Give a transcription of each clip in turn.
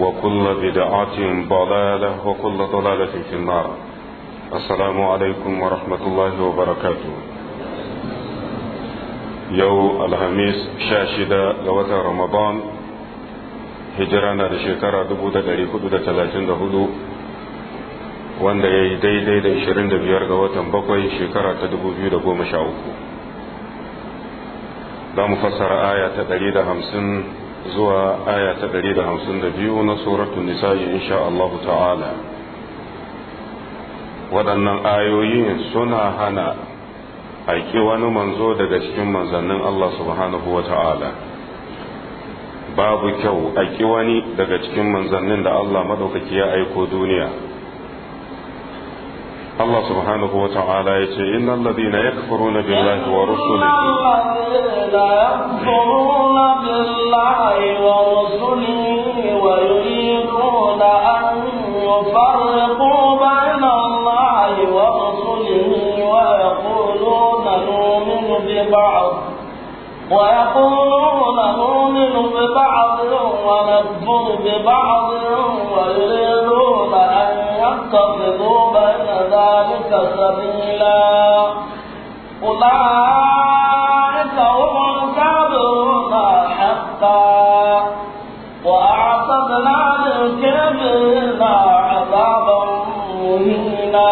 وكل بدعة ضلالة وكل ضلالة في النار السلام عليكم ورحمة الله وبركاته يو الخميس شاشدة لوات رمضان هجرانا لشكرة دبودة لريكودة ثلاثين دهدو wanda ya yi daidai da 25 ga watan bakwai shekara ta 2013 za mu fassara aya ta 150 zuwa aya ta 152 na suratul nisa'i insha Allah ta'ala waɗannan ayoyi suna hana aiki wani manzo daga cikin manzannin Allah subhanahu wa ta'ala babu kyau aiki wani daga cikin manzannin da Allah maɗaukaki ya aiko duniya الله سبحانه وتعالى يقول إن الذين يكفرون بالله ورسله إن الذين يكفرون بالله ورسله ويريدون أن يفرقوا بين الله ورسله ويقولون نؤمن ببعض ويقولون نؤمن ببعض ونكفر ببعض ويريدون تتخذوا بين ذلك سبيلا أولئك هم الكافرون حقا وأعتدنا للكافرين عذابا مهينا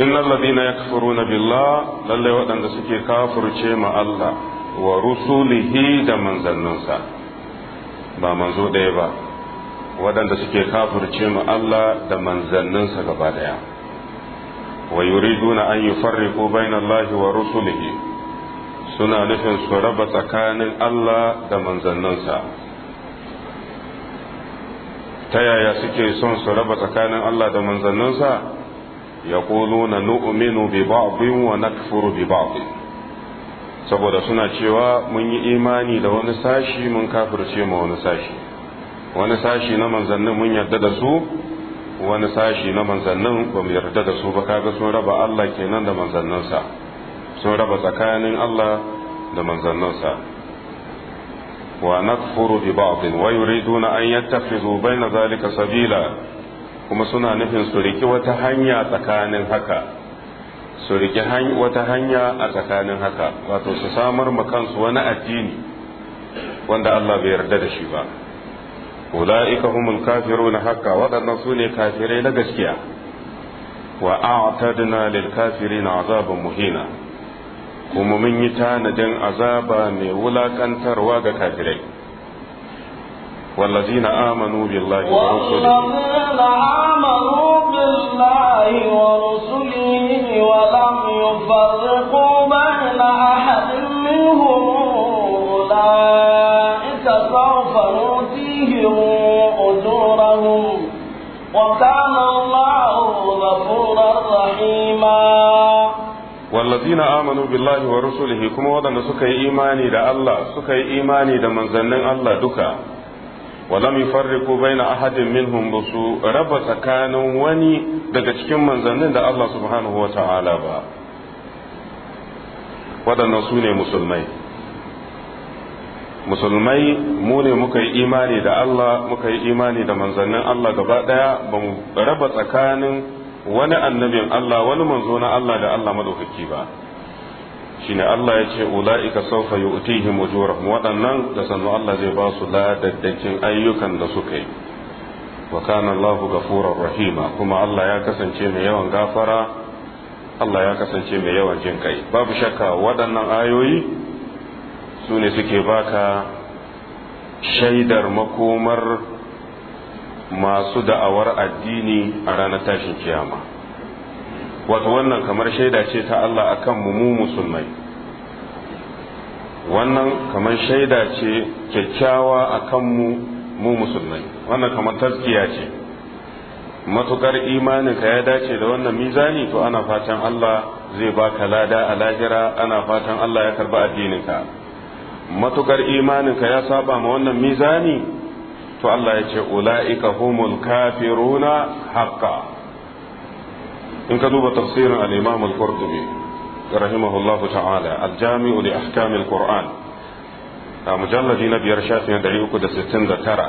إن الذين يكفرون بالله للي وأن سكي كافر شيما الله ورسله دمن زننسا ba manzo ɗaya ba waɗanda suke kafirce mu Allah da manzanninsa gaba ɗaya, wa yuriduna an yufarriqu bainallahi wa rusulihi suna nufin su raba tsakanin Allah da manzanninsa ta yaya suke son su raba tsakanin Allah da manzanninsa yaquluna nu'minu bi ba'dhin wa nakfuru bi ba'dhin saboda suna cewa mun yi imani da wani sashi mun kafirce ma wani sashi wani sashi na manzannin mun yarda da su wani sashi na manzannin ba mu yarda da su ba kaga sun raba Allah kenan da manzanninsa sun raba tsakanin Allah da manzanninsa wa nakfuru bi ba'd wa yuriduna an yattakhizu baina zalika sabila kuma suna nufin su riki wata hanya tsakanin haka su riki wata hanya a tsakanin haka wato su samar ma kansu wani addini wanda Allah bai yarda da shi ba أولئك هم الكافرون حقا وقد نصوني كافرين قشكيا وأعتدنا للكافرين عذابا مهينا كم من يتان جن عذابا مولا wulakantarwa ga كافرين والذين آمنوا بالله ورسله والذين آمنوا بالله ورسله ولم يفرقوا بين أحد وآتوا أجورهم وكان الله غفورا رحيما والذين آمنوا بالله ورسله كما وضعنا سكي إيماني دا الله سكي إيماني دا منزلن الله دكا ولم يفرقوا بين أحد منهم بسوء رب سكان وني دا cikin manzannin da Allah subhanahu wa ta'ala ba waɗannan su ne musulmai musulmai mu ne muka yi imani da Allah muka yi imani da manzannin Allah gaba daya ba mu raba tsakanin wani annabin Allah wani manzo na Allah da Allah madaukaki ba shine Allah ya ce ula'ika sawfa yu'tihim ujurahum waɗannan da sannu Allah zai ba su ladaddakin ayyukan da suka yi wa kana Allah ghafurur rahima kuma Allah ya kasance mai yawan gafara Allah ya kasance mai yawan jin kai babu shakka waɗannan ayoyi su ne suke baka shaidar makomar masu da'awar addini a ranar tashin kiyama wato wannan kamar shaida ce ta Allah akan mu musulmai wannan kamar shaida ce kyakkyawa akan mu mu musulmai wannan kamar taskiya ce matukar imaninka ya dace da wannan mizani to ana fatan Allah zai baka lada a lahira ana fatan Allah ya karba addininka matukar imaninka ya saba ma wannan mizani to Allah ya ce ula'ika humul kafiruna haqqa in ka duba tafsirin al-Imam al-Qurtubi rahimahullah ta'ala al-Jami'u li ahkam al-Qur'an a mujalladi na biyar tara.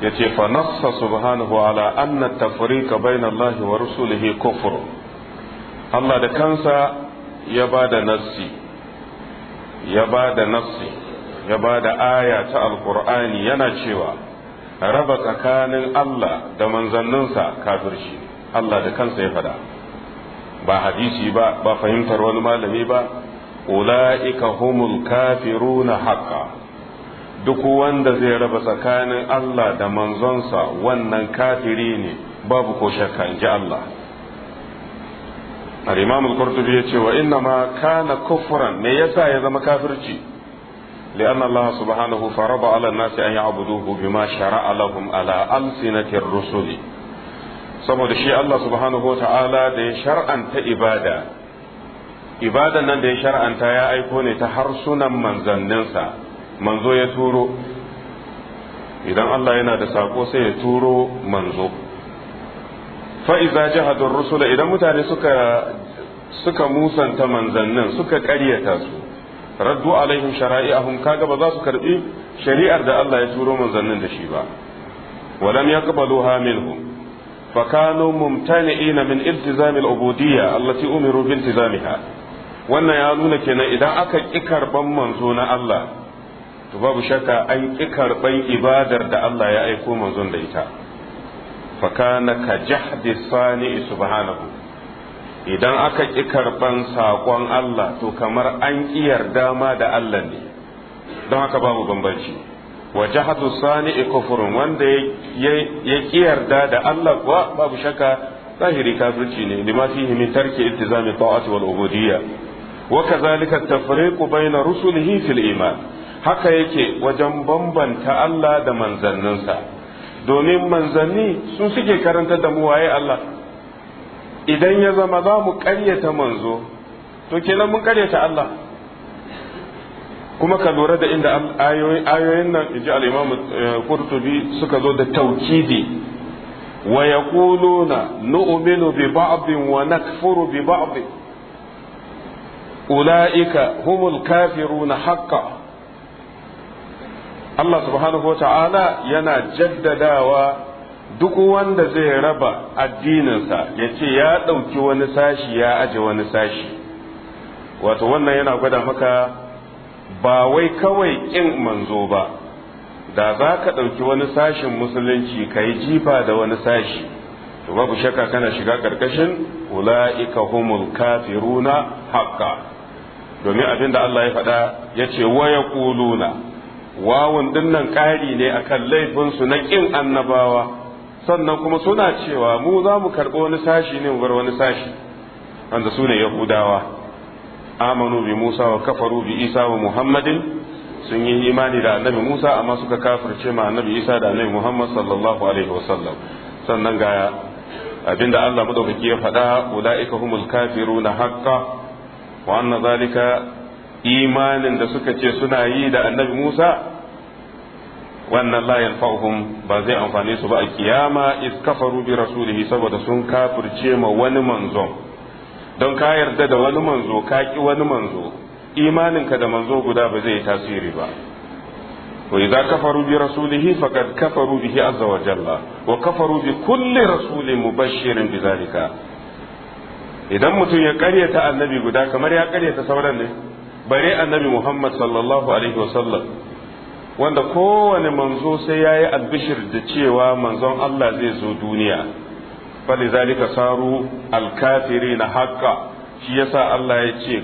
Ya yace fa nassa subhanahu ala anna at bayna Allah wa rusulihi kufr Allah da kansa ya ba da nassi ya ba da nassi ya ba da aya ta alkur'ani yana cewa raba tsakanin Allah da manzanninsa kafirci Allah da kansa ya fada ba hadisi ba ba fahimtar wani malami ba ula'ika humul kafiruna haqqa duk wanda zai raba tsakanin Allah da manzonsa wannan kafiri ne babu ko shakka in ji Allah al-imam al-qurtubi yace wa inna ma kana kufran me yasa ya zama kafirci li'anna Allah subhanahu faraba ala an-nasi an ya'buduhu bima shara'a lahum ala alsinati rusuli saboda shi Allah subhanahu ta'ala da ya shar'anta ibada ibadan nan da ya shar'anta ya aiko ne ta harsunan manzanninsa manzo ya turo idan Allah yana da sako sai ya turo manzo fa'iza jahadun rusula idan mutane suka suka musanta manzannin suka ƙaryata su raddu alaihim shara'i'ahum kaga ba za su karbi shari'ar da Allah ya turo manzannin da shi ba walam yaqbaluha minhum فكانوا ممتنئين من التزام العبودية التي أمروا بالتزامها wannan ya nuna kenan idan aka ƙi karɓan manzo na Allah to babu shakka an ƙi karɓan ibadar da Allah ya aiko manzon da ita fakana ka jahdi sani subhanahu idan aka ƙi karɓan saƙon Allah to kamar an ƙi yarda da Allah ne don haka babu bambanci wa jahdu sani kufurun wanda ya ƙi yarda da Allah kuwa babu shakka zahiri kafirci ne lima fihi min tarki iltizami ta'ati wal ubudiyya wa kadhalika tafriqu bayna rusulihi fil iman haka yake wajen bambanta Allah da manzanninsa domin manzanni sun suke karanta da mu waye Allah idan ya zama za mu ƙaryata manzo to kenan mun ƙaryata Allah kuma ka lura da inda ayoyin nan inji al-Imam eh, Qurtubi suka zo da taukidi wa yaquluna nu'minu bi ba'din wa nakfuru bi ba'd ulaika humul kafiruna haqqan Allah subhanahu ta'ala yana jaddadawa duk wanda zai raba addininsa ya ce ya ɗauki wani sashi ya aje wani sashi wato wannan yana gwada maka ba wai kawai ƙin manzo ba da za ka ɗauki wani sashin musulunci ka yi jifa da wani sashi to babu shakka kana shiga ƙarƙashin ula'ika humul kafiruna haƙƙa domin abin da Allah ya faɗa ya ce waya ƙuluna wawun dinnan ƙari ne akan laifinsu na ƙin annabawa sannan kuma suna cewa mu za mu karɓi wani sashi ne mu bar wani sashi wanda su ne yahudawa amanu bi musa wa kafaru bi isa wa muhammadin sun yi imani da annabi musa amma suka kafirce ma annabi isa da annabi muhammad sallallahu alaihi wasallam sannan gaya. abinda allah madaukaki ya faɗa ulaika humul kafiruna haqqa wa anna zalika imanin da suka ce suna yi da annabi Musa wannan la fauhum ba zai amfane su ba a kiyama is kafaru bi rasulihi saboda sun kafirce ma wani manzon don ka yarda da wani manzo ka ki wani manzo imaninka da manzo guda ba zai tasiri ba wa idza kafaru bi rasulihi faqad kafaru bihi azza wa jalla wa kafaru bi kulli rasulin mubashirin bi zalika idan mutum ya karyata annabi guda kamar ya karyata sauran ne bare annabi Muhammad sallallahu alaihi wasallam wanda kowane manzo sai yayi albishir da cewa manzon Allah zai zo duniya falizalika saru na haƙƙa, shi yasa Allah ya ce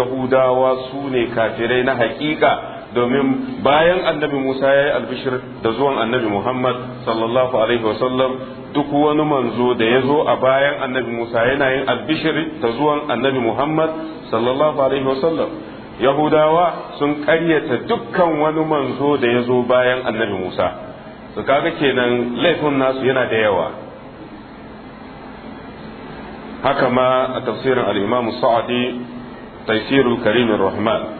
yahudawa su ne kafirai na haƙiƙa domin bayan annabi Musa ya yi albishir da zuwan annabi Muhammad sallallahu alaihi wasallam duk wani manzo da ya zo a bayan annabi Musa yana yin albishir da zuwan annabi Muhammad sallallahu alaihi wasallam Yahudawa sun ƙaryata dukkan wani manzo da ya zo bayan annabi Musa su kaga kenan laifin nasu yana da yawa haka ma a tafsirin al-Imam Sa'di Taysirul Karim Rahman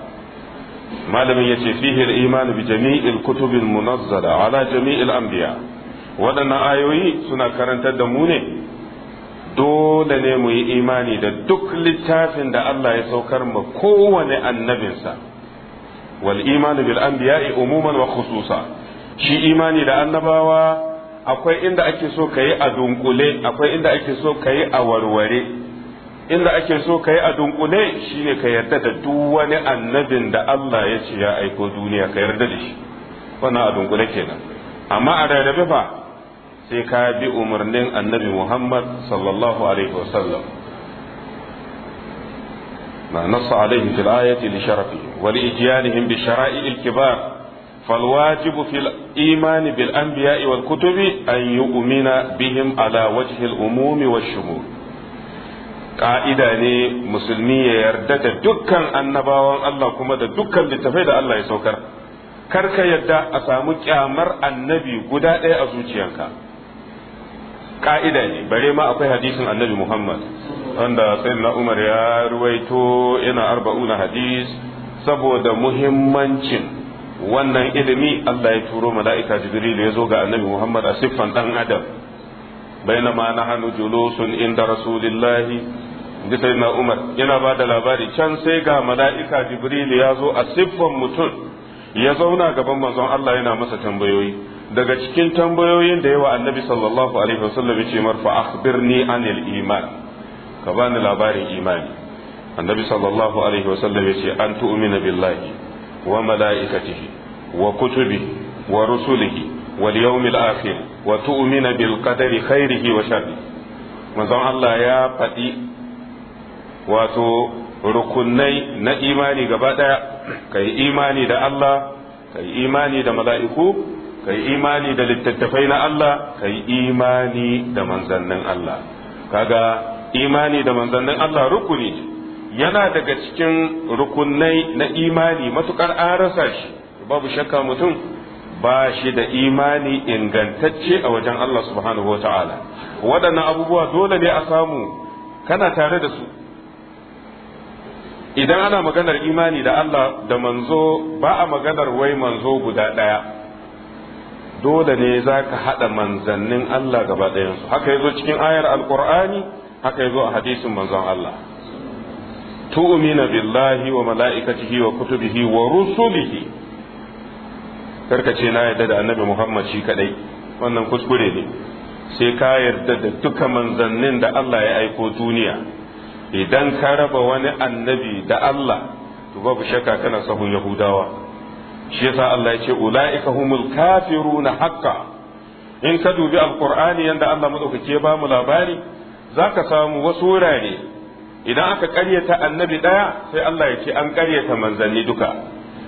malamin yace fihi al-iman bi jami'il kutubin munazzala ala jami'il anbiya waɗannan ayoyi suna karantar da mu ne dole ne mu yi imani da duk littafin da Allah ya saukar ma kowane annabinsa wal imanu bil anbiya'i umuman wa khususa shi imani da annabawa akwai inda ake so kayi a dunkule akwai inda ake so kayi a warware inda ake so ka yi a dunkule shi ne ka yarda da duk wani annabin da Allah ya ce ya aiko duniya ka yarda da shi wannan a dunkule kenan amma a rarrabe fa sai ka bi umarnin annabi Muhammad sallallahu alaihi wasallam ma nasu alaihi fil ayati sharafi wal ijyanihim bi shara'il kibar fal wajibu fil iman bil anbiya wal kutubi an yu'mina bihim ala wajhi al umumi wash shumul ka'ida ne musulmi ya yarda da dukkan annabawan Allah kuma da dukkan littafai da Allah ya saukar kar ka yarda a samu kyamar annabi guda ɗaya a zuciyanka ka'ida ne bare ma akwai hadisin annabi Muhammad wanda sayyidina Umar ya ruwaito yana arba'una hadis saboda muhimmancin wannan ilimi Allah ya turo mala'ika Jibril ya zo ga annabi Muhammad a siffan dan adam bainama nahnu julusun inda rasulillahi ji sayyidina umar yana bada labari can sai ga mala'ika jibril ya zo a siffan mutum ya zauna gaban manzon Allah yana masa tambayoyi daga cikin tambayoyin da yawa annabi sallallahu alaihi wasallam yace mar fa akhbirni anil ka bani labarin imani annabi sallallahu alaihi wasallam yace an tu'mina billahi wa mala'ikatihi wa kutubihi wa rusulihi wal yawmil akhir wa tu'mina bil qadari khairihi wa sharri manzon Allah ya faɗi wato rukunai na imani gaba ɗaya kai imani da Allah kai imani da mala'iku kai imani da littattafai na Allah kai imani da manzannin Allah kaga imani da manzannin Allah rukuni yana daga cikin rukunai na imani matukar an rasa shi babu shakka mutum ba shi da imani ingantacce a wajen Allah subhanahu wa ta'ala waɗannan abubuwa dole ne a samu kana tare da su idan ana maganar imani da Allah da manzo ba a maganar wai manzo guda ɗaya dole ne za ka haɗa manzannin Allah gaba ɗayansu haka ya zo cikin ayar alƙur'ani haka ya zo a hadisin manzon Allah tu'mina billahi wa mala'ikatihi wa kutubihi wa rusulihi karka ce na yarda da annabi muhammad shi kadai wannan kuskure ne sai ka yarda da duka manzannin da allah ya aiko duniya idan ka raba wani annabi da allah to babu shakka kana sahun yahudawa shi yasa allah ya ce ula'ika humul kafiruna haqqa in ka dubi alqur'ani yanda allah madaukake ya ba mu labari zaka samu wasu wurare idan aka karyata annabi daya sai allah ya ce an karyata manzanni duka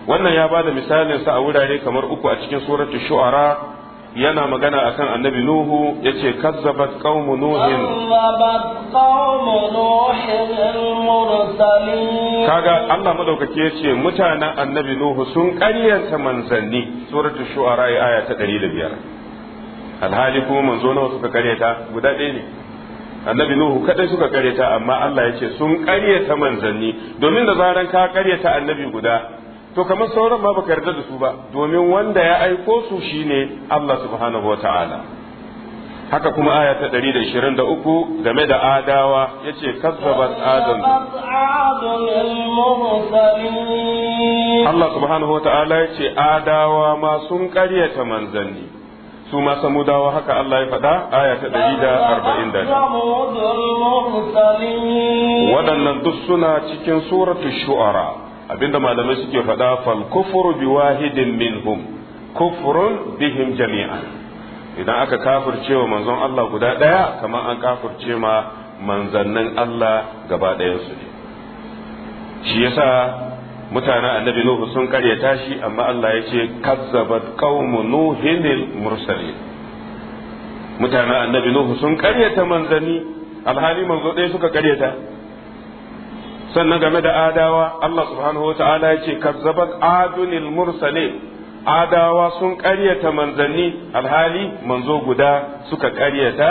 wannan ya bada misalin sa a wurare kamar uku a cikin suratul shu'ara yana magana akan annabi nuhu yace kazzabat qaumu nuhin kazzabat qaumu nuhin kaga Allah madaukake yace mutanen annabi nuhu sun ƙaryanta manzanni suratul shu'ara aya ta 105 alhali kuma manzo nawa suka ƙaryata guda ɗaya ne annabi nuhu kadai suka karyata amma Allah ya ce sun ƙaryata manzanni domin da zaran ka karyata annabi guda to kamar sauran ma baka yarda da su ba domin wanda ya aiko su shine Allah subhanahu wataala haka kuma aya ta 123 game da adawa yace kazzabat adam Allah subhanahu wataala yace adawa ma sun karyata manzanni su ma samudawa haka Allah ya faɗa aya ta ɗari da arba'in da waɗannan duk suna cikin suratul shu'ara abinda malamai suke faɗa fal kufru bi wahidin minhum kufrun bihim jami'an idan aka kafirce wa manzon Allah guda ɗaya kamar an kafirce ma manzannin Allah gaba ɗayansu ne shi yasa mutanen annabi Nuhu sun karyata shi amma Allah ya ce kazzabat qaumu nuhin mursalin mutanen annabi Nuhu sun karyata manzani alhali manzo ɗaya suka karyata sannan game da adawa Allah subhanahu wa ta'ala ya ce kazzabat adunil mursale adawa sun ƙaryata manzanni alhali manzo guda suka ƙaryata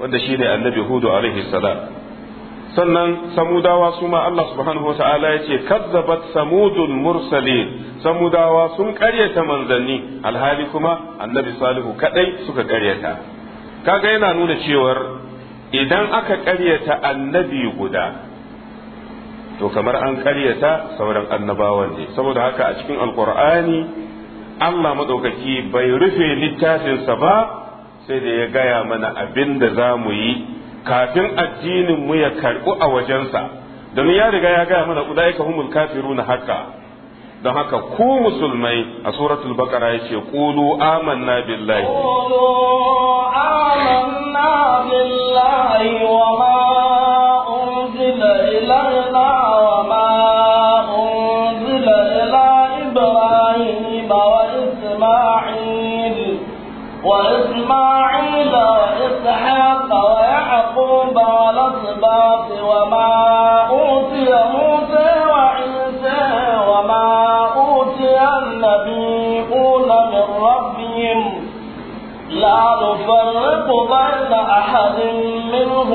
wanda shi ne annabi hudu alaihi salam sannan samudawa su ma Allah subhanahu wa ta'ala ya ce kazzabat samudul mursale samudawa sun ƙaryata manzanni alhali kuma annabi salihu kaɗai suka ƙaryata kaga yana nuna cewar idan aka ƙaryata annabi guda to kamar an karyata sauran annabawan ne saboda haka a cikin alkur'ani Allah maɗaukaki bai rufe littafinsa ba sai da ya gaya mana abin da za mu yi kafin addinin mu ya karɓu a wajensa domin ya riga ya gaya mana ka humul kafiruna haka don haka ku musulmai a suratul baqara yace qulu amanna billahi qulu amanna billahi wa ma نفرق بين أحد منهم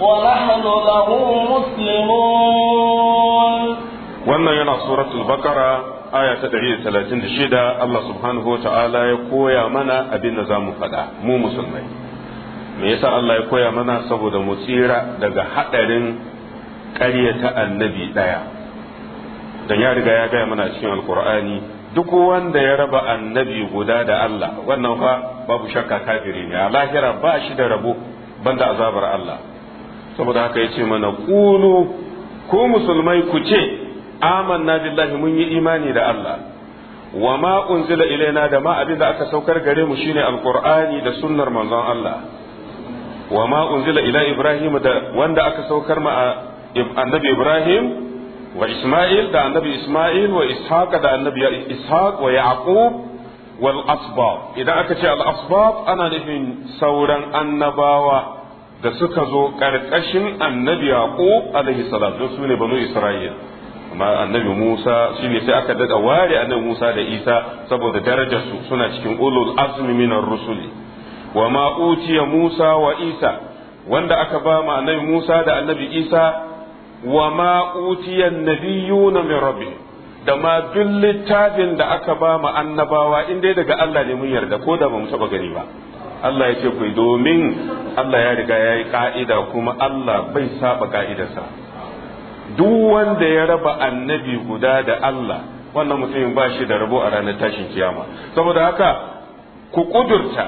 ونحن له مسلمون wannan yana suratul bakara aya ta 136 Allah subhanahu wata'ala ya koya mana abin da zamu faɗa mu musulmai me yasa Allah ya koya mana saboda mu tsira daga hadarin ƙaryata annabi ɗaya dan ya riga ya gaya mana cikin alkur'ani duk wanda ya raba annabi guda da Allah wannan fa babu shakka kafiri ne a lahira ba shi da rabo banda azabar Allah saboda haka yace mana kunu ku musulmai ku ce amanna billahi mun yi imani da Allah wa ma unzila ilaina da ma abin da aka saukar gare mu shine alqur'ani da sunnar manzon Allah wa ma unzila ila ibrahim da wanda aka saukar ma annabi ibrahim wa isma'il da annabi isma'il wa ishaqa da annabi ishaq wa yaqub wal asbab idan aka ce al ana nufin sauran annabawa da suka zo ƙarƙashin annabi yaqub alaihi salam don su ne banu isra'il amma annabi musa ne sai aka daga ware annabi musa da isa saboda darajar su suna cikin ulul azmi minar rusuli wa ma utiya musa wa isa wanda aka ba ma annabi musa da annabi isa wa ma utiya nabiyuna min rabbihim da ma duk littafin da aka ba mu annabawa in dai daga Allah ne mun yarda ko da ba mu taba gani ba Allah ya ce ku domin Allah ya riga ya yi ka'ida kuma Allah bai saba ka'idarsa duk wanda ya raba annabi guda da Allah wannan mutumin ba shi da rabo a ranar tashin kiyama saboda haka ku kudurta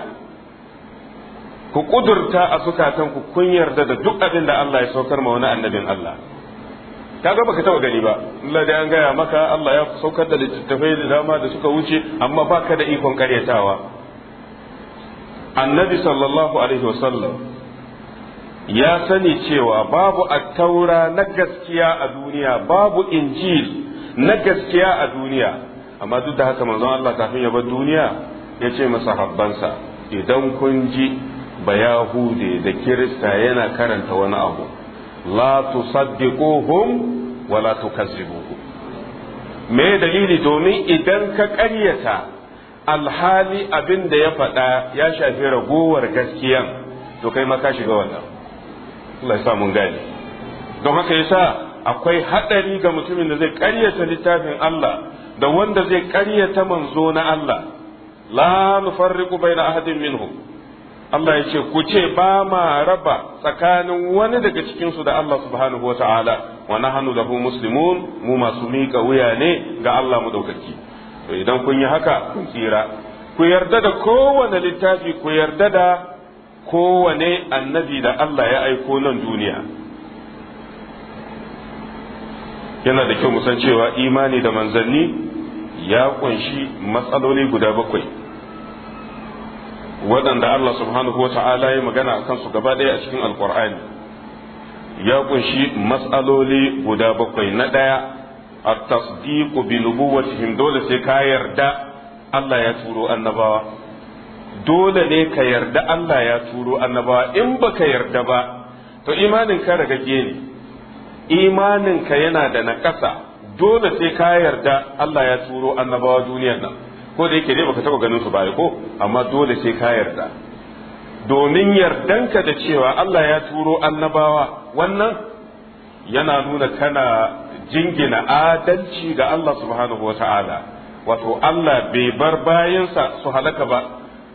ku kudurta a ku kun yarda da duk abin da Allah ya saukar ma wani annabin Allah kaga baka taba gani ba Allah da an gaya maka Allah ya saukar da littattafai da dama da suka wuce amma baka da ikon karyatawa annabi sallallahu alaihi wasallam ya sani cewa babu attaura na gaskiya a duniya babu injil na gaskiya a duniya amma duk da haka manzon Allah kafin ya bar duniya ya ce masahabbansa idan kun ji bayahude da kirista yana karanta wani abu la tusaddiquhum wa la tukazzibuhum me dalili domin idan ka ƙaryata alhali abin da ya faɗa ya shafi ragowar gaskiyan to kai ma ka shiga wannan Allah ya sa mun gane don haka yasa akwai haɗari ga mutumin da zai ƙaryata littafin Allah da wanda zai ƙaryata manzo na Allah la nufarriqu baina ahadin minhum Allah ya ce ku ce ba ma raba tsakanin wani daga cikinsu da Allah subhanahu wa ta'ala wa nahnu lahu muslimun mu masu miƙa wuya ne ga Allah mu daukaki. to idan kun yi haka kun tsira ku yarda da kowane littafi ku yarda da kowane annabi da Allah ya aiko nan duniya yana da kyau mu san cewa imani da manzanni ya kunshi matsaloli guda bakwai waɗanda Allah subhanahu wa ta'ala ya magana a kansu gaba ɗaya a cikin alkur'ani ya kunshi matsaloli guda bakwai na ɗaya a tasdiku bi nubuwatihim dole sai ka yarda Allah ya turo annabawa dole ne ka yarda Allah ya turo annabawa in baka yarda ba to imanin ka ragage ne imanin ka yana da naƙasa dole sai ka yarda Allah ya turo annabawa duniyar nan ko da yake dai baka taba ganin su ba ko amma dole sai ka yarda domin yardanka da cewa Allah ya turo annabawa wannan yana nuna kana jingina adalci ga Allah subhanahu wa ta'ala wato Allah bai bar bayansa su halaka ba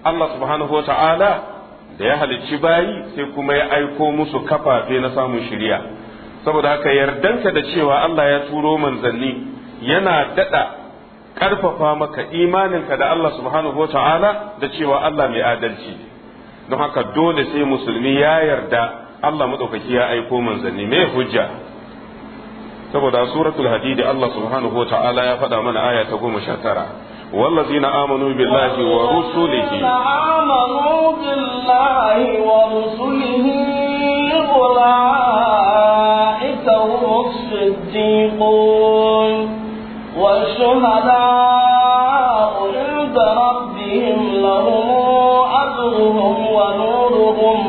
Allah subhanahu wa ta'ala da ya halicci bayi sai kuma ya aiko musu kafafe na samun shirya saboda haka yardanka da cewa Allah ya turo manzanni yana dada Ƙarfafa maka imaninka da Allah subhanahu wa ta'ala da cewa Allah mai adalci don haka dole sai musulmi ya yarda Allah maɗaukaki ya aiko manzanni mai hujja saboda suratul hadidi Allah subhanahu wa ta'ala ya faɗa mana aya ta goma sha tara والذين آمنوا بالله ورسله آمنوا بالله ورسله أولئك هم الصديقون والشهداء عند ربهم لهم أجرهم ونورهم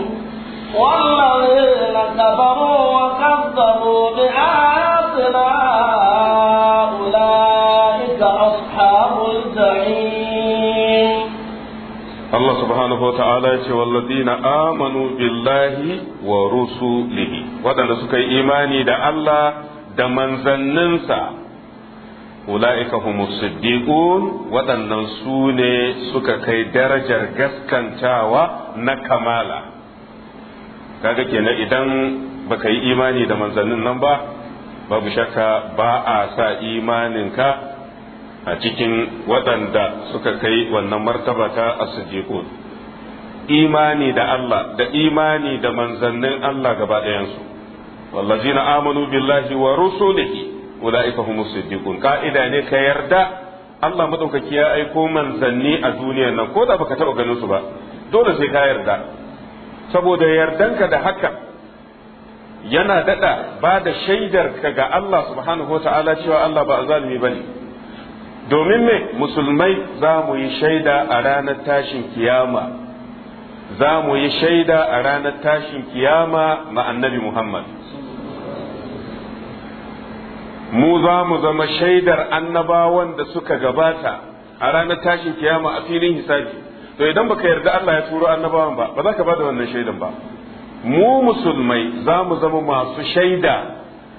والذين كفروا وكذبوا بآياتنا أولئك أصحاب الجحيم الله سبحانه وتعالى والذين آمنوا بالله ورسله ودن سكي إيماني دا الله da manzanninsa ula'ika humus siddiqun waɗannan su ne suka kai darajar gaskantawa na kamala kaga kenan idan baka yi imani da manzannin nan ba babu shakka ba a sa imaninka a cikin waɗanda suka kai wannan martaba ta as imani da Allah da imani da manzannin Allah gaba ɗayansu wallazina amanu billahi wa rusulihi ula'ika humu siddiqun ka'ida ne ka yarda Allah madaukaki ya aiko manzanni a duniyar nan ko da baka taba ganin su ba dole sai ka yarda saboda yardanka da haka yana dada ba da shaidar ka ga Allah subhanahu wa cewa Allah ba zalimi ne. domin me musulmai za mu yi shaida a ranar tashin kiyama za mu yi shaida a ranar tashin kiyama ma annabi Muhammad mu za mu zama shaidar annabawan da suka gabata a ranar tashin kiyama a filin hisabi to idan baka yarda Allah ya turo annabawan ba ba za ka bada wannan shaidan ba mu musulmai za mu zama masu shaida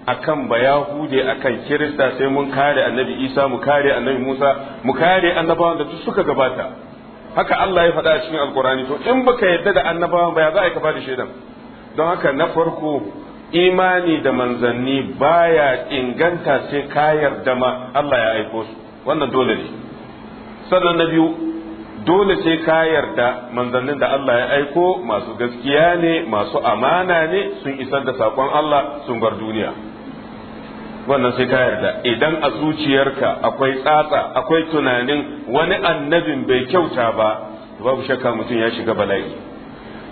akan bayahude akan kirista sai mun kare annabi isa mu kare annabi musa mu kare annabawan da suka gabata haka Allah ya faɗa a cikin alkurani to in baka yarda da annabawan ba ya za a yi ka bada shaidan don haka na farko imani da manzanni baya inganta sai ka yarda ma Allah ya aiko su wannan dole ne sannan na biyu dole sai ka yarda manzannin da Allah ya aiko masu gaskiya ne masu amana ne sun isar da sakon Allah sun bar duniya wannan sai ka yarda idan a zuciyarka akwai tsatsa akwai tunanin wani annabin bai kyauta ba babu shakka mutum ya shiga bala'i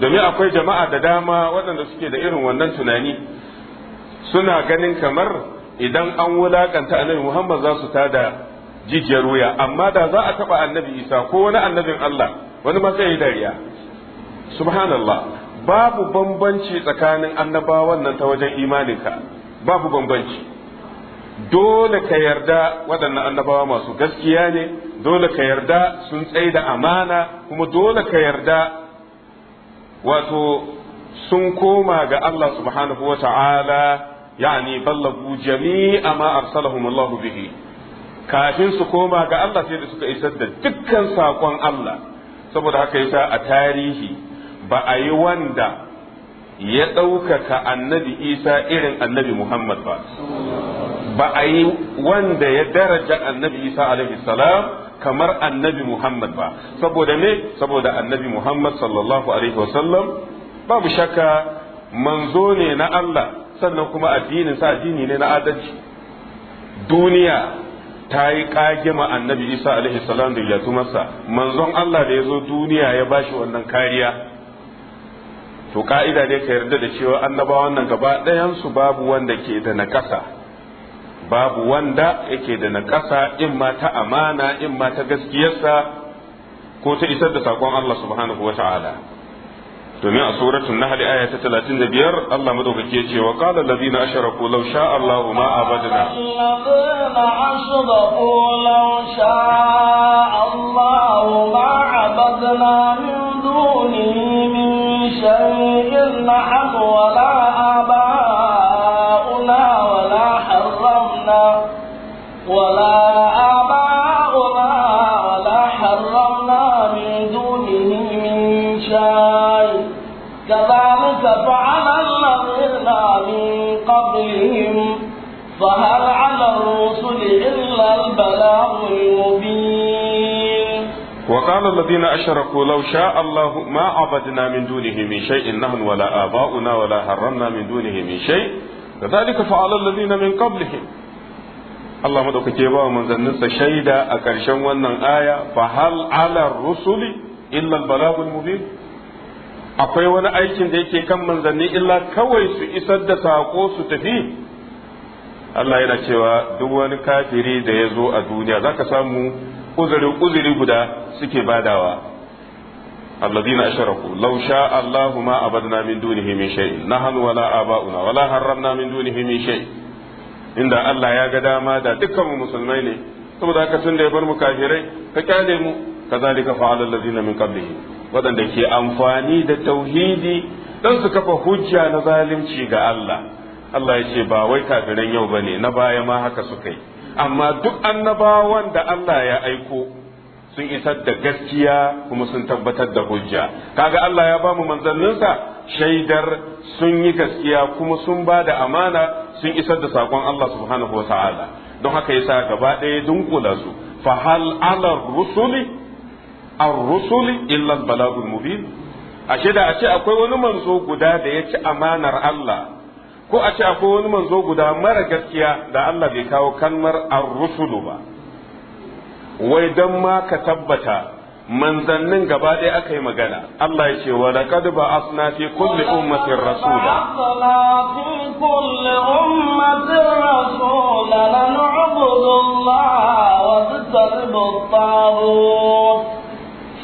domin akwai jama'a da dama waɗanda suke da irin wannan tunani suna ganin kamar idan an wulakanta annabi muhammad za su tada jijiyar wuya amma da za a taɓa annabi isa ko wani annabin allah wani matsayi dariya subhanallah babu bambanci tsakanin annabawan nan ta wajen imaninka babu bambanci dole ka yarda waɗannan annabawa masu gaskiya ne dole ka yarda sun tsaye da amana kuma dole ka yarda wato sun koma ga Allah subhanahu wa ta'ala yani ballagu jami'a ma arsalahum Allah bihi kafin su koma ga Allah sai da suka isar da dukkan sakon Allah saboda haka yasa a tarihi ba a yi wanda ya ɗaukaka annabi Isa irin annabi Muhammad ba ba a yi wanda ya daraja annabi Isa alaihi salam kamar annabi Muhammad ba saboda ne saboda annabi Muhammad sallallahu alaihi wasallam babu shakka manzo ne na Allah sannan kuma addinin sa addini ne na adalci duniya ta yi kagima annabi Isa alaihi salam da ya masa manzon Allah da ya zo duniya ya bashi wannan kariya to ka'ida ne ka yarda da cewa annabawan nan gaba ɗayan su babu wanda ke da nakasa babu wanda yake da naƙasa in ma ta amana in ma ta gaskiyarsa ko ta isar da saƙon Allah subhanahu wa ta'ala domin a suratul nahl aya ta 35 Allah madaukake ya ce wa qala allazina ashraku law sha'a Allah ma abadna allazina ashraku law sha'a Allah ma abadna min dunihi min shay'in nahnu wala abana ولا آباؤنا ولا حرمنا من دونه من شيء كذلك فعل الذين من قبلهم فهل على الرسل إلا البلاغ المبين وقال الذين أشركوا لو شاء الله ما عبدنا من دونه من شيء نحن ولا آباؤنا ولا حرمنا من دونه من شيء كذلك فعل الذين من قبلهم Allah madaukake ya ba manzannin shaida a ƙarshen wannan aya fa hal ala rusuli illa balagul mubin akwai wani aikin da yake kan manzanni illa kawai su isar da sako su tafi Allah yana cewa duk wani kafiri da ya zo a duniya zaka samu uzuri uzuri guda suke badawa alladhina asharaku law sha Allahu ma abadna min dunihi min shay nahnu wala aba'una wala harramna min dunihi min inda Allah ya ga dama da dukkanmu musulmai ne saboda haka tun da ya bar mu kafirai ka kyale mu kazalika fa'ala allazina min qablihi wadanda ke amfani da tauhidi dan su kafa hujja na zalunci ga Allah Allah ya ce ba wai kafiran yau bane na baya ma haka suka yi amma duk annabawan da Allah ya aiko sun isar da gaskiya kuma sun tabbatar da hujja kaga Allah ya ba mu manzanninsa shaidar sun yi gaskiya kuma sun ba da amana sun isar da sakon Allah subhanahu wa ta'ala don haka yasa gaba ɗaya dunkula su fa hal ala rusuli ar-rusuli illa al-balagul mubin ashe da a akwai wani manzo guda da ya ci amanar Allah ko a ce akwai wani manzo guda mara gaskiya da Allah bai kawo kalmar ar-rusulu ba wai dan ma ka tabbata manzannin gaba ɗaya aka yi magana Allah ya ce wa laqad ba'athna fi kulli ummatin rasula fi kulle ummatin rasula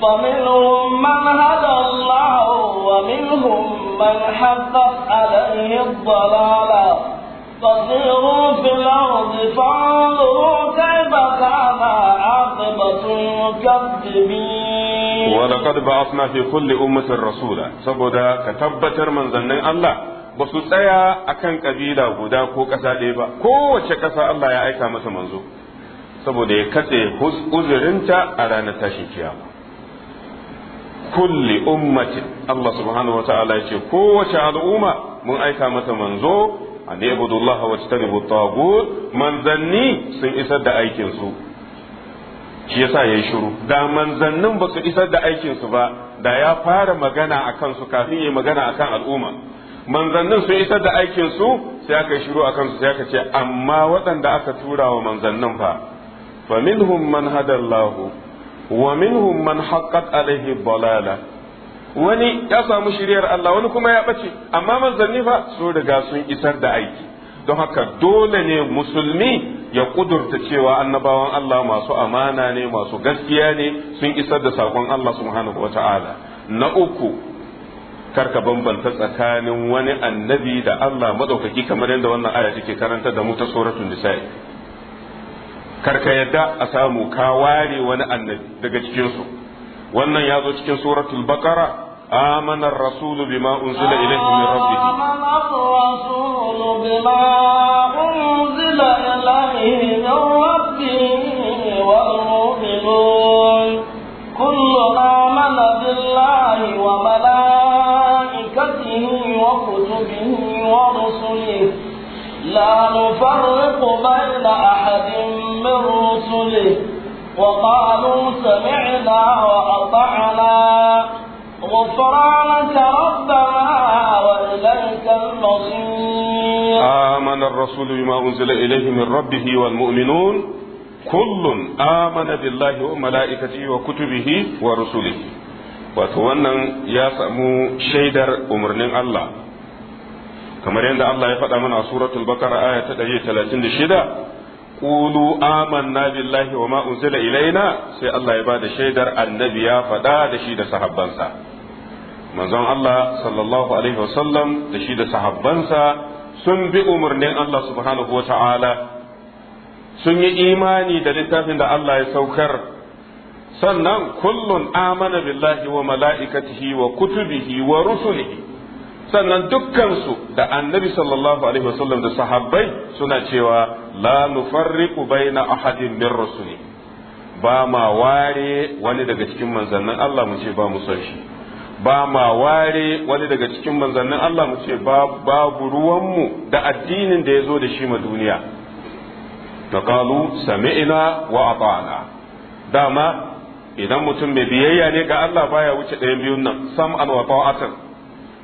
فمنهم من هدى الله ومنهم من حقت عليه الضلاله فسيروا في الأرض فانظروا كيف كان عاقبة المكذبين ولقد بعثنا في كل أمة رسولا سبدا كتبتر من ظن الله ba su tsaya a kan ƙabila guda ko ƙasa ɗaya ba kowace ƙasa Allah ya aika masa manzo saboda ya katse uzurinta a ranar tashin kiyama kulli ummatin Allah subhanahu wa ta'ala ya ce kowace al'umma mun aika masa manzo an yabudu wacce ta tajtanibu tagut manzanni sun isar da aikin shi yasa yayi shiru da manzannin ba su isar da aikinsu ba da ya fara magana a kansu kafin yayi magana akan al'umma manzannin sun isar da aikin su sai aka yi shiru a kansu sai aka ce amma waɗanda aka tura wa manzannin fa faminhum man hadallahu wa minhum man haqqat alaihi dalalah wani ya samu shiriyar Allah wani kuma ya bace amma manzanni fa sun riga sun isar da aiki don haka dole ne musulmi ya kudurta cewa annabawan Allah masu amana ne masu gaskiya ne sun isar da sakon Allah subhanahu wata'ala na uku karka bambanta tsakanin wani annabi da Allah madaukaki kamar yadda wannan aya take karanta da mu ta suratul nisa'i karka yadda a samu ka ware wani annabi daga cikin su وانا ya zo cikin suratul baqara آمن الرسول بما أنزل إليه من ربه آمن الرسول بما أنزل إليه من ربه والمؤمنون كل آمن بالله وملائكته وكتبه ورسله لا نفرق بين أحد من رسله وقالوا سمعنا وأطعنا غفرانك ربنا وإليك المصير آمن الرسول بما أنزل إليه من ربه والمؤمنون كل آمن بالله وملائكته وكتبه ورسله وتوانا يا سمو شيدر أمرنا الله kamar yadda Allah ya faɗa mana a suratul baqara aya ta 136 Kulu amanna billahi wa ma ilaina sai Allah ya da shaidar annabi ya faɗa da shi da sahabbansa manzon Allah sallallahu alaihi wasallam da shi da sahabbansa sun bi umarnin Allah subhanahu wata'ala sun yi imani da littafin da Allah ya saukar sannan kullun amana billahi wa mala'ikatihi wa kutubihi wa rusulihi sannan dukkansu da annabi sallallahu alaihi wasallam da sahabbai suna cewa la nufarriqu baina ahadin min rusuli ba ma ware wani daga cikin manzannin Allah mu ce ba mu son shi ba ma ware wani daga cikin manzannin Allah mu ce babu ruwanmu da addinin da ya zo da shi ma duniya ta kalu wa ata'na dama idan mutum mai biyayya ne ga Allah baya wuce ɗayan biyun nan sam'an wa ta'atan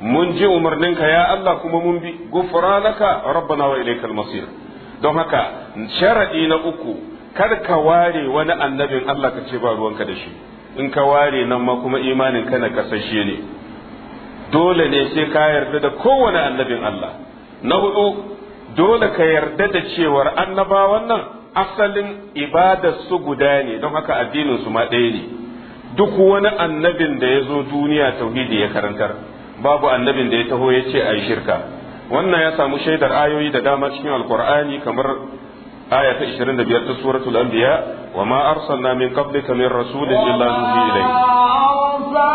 mun ji umarninka ya Allah kuma mun bi gufranaka rabbana wa ilaikal masir don haka sharadi na uku kar ka ware wani annabin Allah ka ce ba ruwanka da shi in ka ware nan ma kuma imanin ka na kasashe ne dole ne sai ka yarda da kowane annabin Allah na hudu dole ka yarda da cewar annabawan nan asalin ibadar su guda ne don haka addinin su ma ɗaya ne duk wani annabin da ya zo duniya tauhidi ya karantar babu annabin da ya taho ya ce a yi shirka wannan ya samu shaidar ayoyi da dama cikin alkur'ani kamar aya ta 25 ta suratul anbiya wa ma arsalna min qablika min rasulin illa nuhi ilayhi arsalna